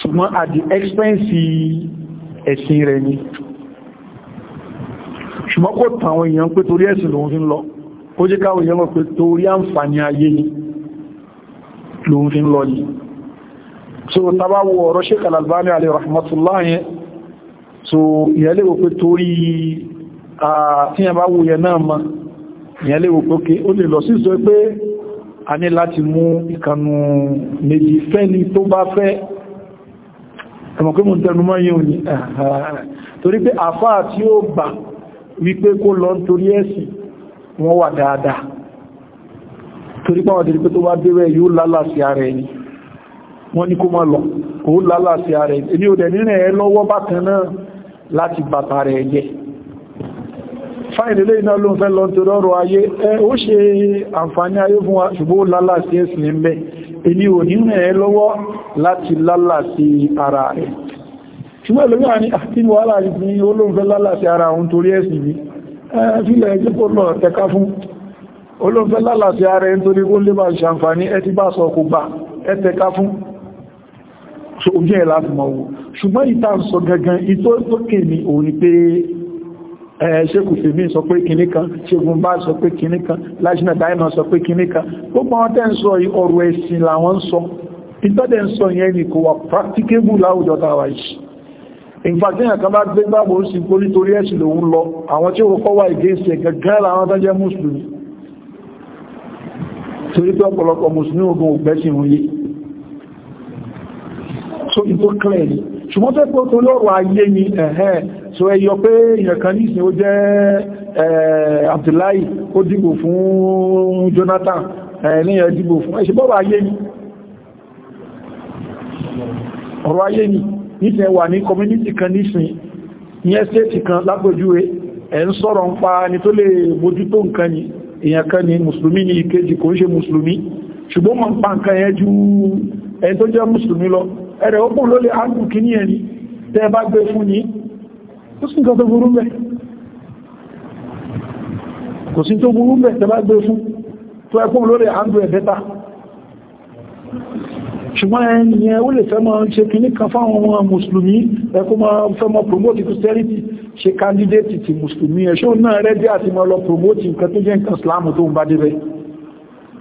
ṣùgbọ́n at the expense ẹ̀sìn rẹ̀ ni ṣùgbọ́n kò tàwọn èèyàn pé torí ẹ̀sìn lòun fi ń lọ ó jẹ́ káwọn èèyàn ni so tabawo ọ̀rọ̀ Sheikh Al-Albani alayhi rahmatullahi so ìyẹn lè wò pé torí àtíyàn bá wòyẹ náà ma ìyẹn lè wò pé ókè ó lè lọ sí sọ pé a ní láti mú ìkànnù méjì fẹ́ ni tó bá fẹ́ ẹmọ̀ pé mú tẹnumọ́ yíò ní torí pé àfáà tí ó bà wípé kó lọ nítorí ẹ̀sìn wọ́n wà dáadáa torí pàwọn tẹ̀lé pé tó bá bẹ̀rẹ̀ yóò lálàsí ara ẹni wọ́n ní kó má lọ kó lálàsí ara ẹni ò dẹ̀ nínú ẹ̀ lọ́wọ́ bákan náà láti bàtà rẹ̀ yẹ fáìlélé iná ló ń fẹ́ lọ tó rọrọ̀ ayé ẹ ó ṣe àǹfààní ayé fún wa ṣùgbọ́n lálà sí ẹ̀sìn ń bẹ́ èní ò ní rẹ̀ lọ́wọ́ láti lálà sí ara rẹ̀ ṣùgbọ́n lórí àní àti wàhálà ní olóǹfẹ́ lálà sí ara òun torí ẹ̀sìn bí fílẹ̀ ẹjẹ́ kó lọ tẹ́ká fún olóǹfẹ́ lálà sí ara ẹ̀ntorí kó lé bá ẹ ti bá sọ kò gbà ẹ tẹ́ká fún so ojú ẹ̀ láti mọ̀ wò ṣùgbọ́n ìta ń sọ gangan ìtó ní òun ni pé ṣékù fèmí sọ pé kìní kan ṣégun bá sọ pé kìní kan lájínà dáìmọ̀ sọ pé kìní kan gbogbo wọn tẹ́ ń sọ ọ̀rọ̀ ẹ̀sìn làwọn ń sọ practicable láwùjọ tàwà yìí ìfàtíyàn kan bá gbé gbàgbọ́ sí kó nítorí ẹ̀sìn lòun lọ àwọn tí ó kọ́ wà ìgbésí ẹ̀ gẹ́gẹ́ láwọn tó jẹ́ so ìtò clear ni ṣùgbọ́n tẹ́ pé tó lọ́rọ̀ ayé ni ẹ̀hẹ́ so ẹyọ pé èèyàn kan ní ìsìn ó jẹ́ Abdullahi ó dìbò fún Jonathan ẹ̀ẹ́nìyàn dìbò fún ẹ̀ṣẹ́bọ́rọ̀ ayé ni ọ̀rọ̀ ayé ni nítẹ̀ wà ní community kan nísìn ní ẹ́sẹ́tì kan lápòjúwé ẹ̀ ń sọ̀rọ̀ pa ni tó lè mójútó ni èyàn kan ni musulmi ni ìkejì kò ń ṣe musulmi ṣùgbọ́n mọ̀ ń pa nǹkan yẹn ju ẹni tó jẹ́ musulmi lọ ẹ̀rẹ̀ ókùn ló lè ágùn kí ní ẹni tẹ́ bá gbé fún ní kò sí nǹkan tó burú mẹ́ kò sí tó burú mẹ́ tẹ́ bá gbé fún tó ẹkùn ló lè ágùn ṣùgbọ́n ẹni yẹn ó lè fẹ́ mọ́ ṣe kì kan fáwọn ọmọ mùsùlùmí ẹkùn mọ́ fẹ́ mọ́ promote christianity ṣe candidate ti mùsùlùmí ẹ̀ṣọ́ náà rẹ́dí àti mọ́ lọ promote nǹkan tó jẹ́ nǹkan islam tó ń bá débẹ̀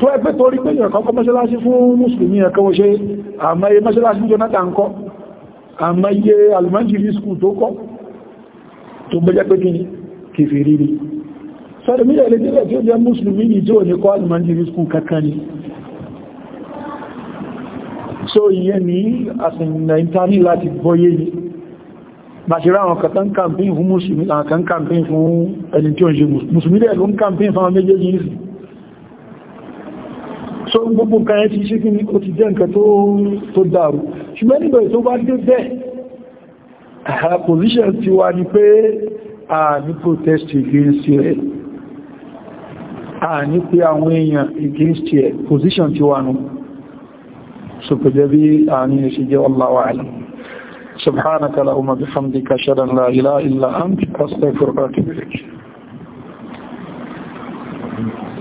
tó ẹgbẹ́ torí pé ìyàn kọ́kọ́ mọ́ṣáláṣí fún mùsùlùmí ẹ̀kọ́ wọ́n ṣe àmọ́yé mọ́ṣáláṣí fún Jonathan kọ́ àmọ́yé almanjiri school tó kọ́ tó gbẹ́jẹ́ pé kí kìfì rírí sọ́dọ̀mílẹ̀ ilẹ̀ tí ó jẹ́ mùsùlùmí ní ni so ìyẹn ní àsìnàìntání láti bọ́yé ni bàṣírá àwọn kàtán campaign fún mùsùlùmí àwọn kan campaign fún ẹni tí ó ń ṣe mùsùlùmí lẹ́ẹ̀lú campaign fún àwọn méjèèjì nìsìn so gbogbo nǹkan ẹ̀ ti ṣe kí ni ó ti jẹ́ nǹkan tó dàrú ṣùgbọ́n nígbà tó bá dé bẹ́ẹ̀ position ti wá ní pé a ní protest against rẹ̀ a ní pé àwọn èèyàn against rẹ̀ position ti wá nù so kò jẹ́ bí àárín ẹ̀ ṣe jẹ́ wallahu a'lam سبحانك اللهم بحمدك اشهد ان لا اله الا انت استغفرك واتوب اليك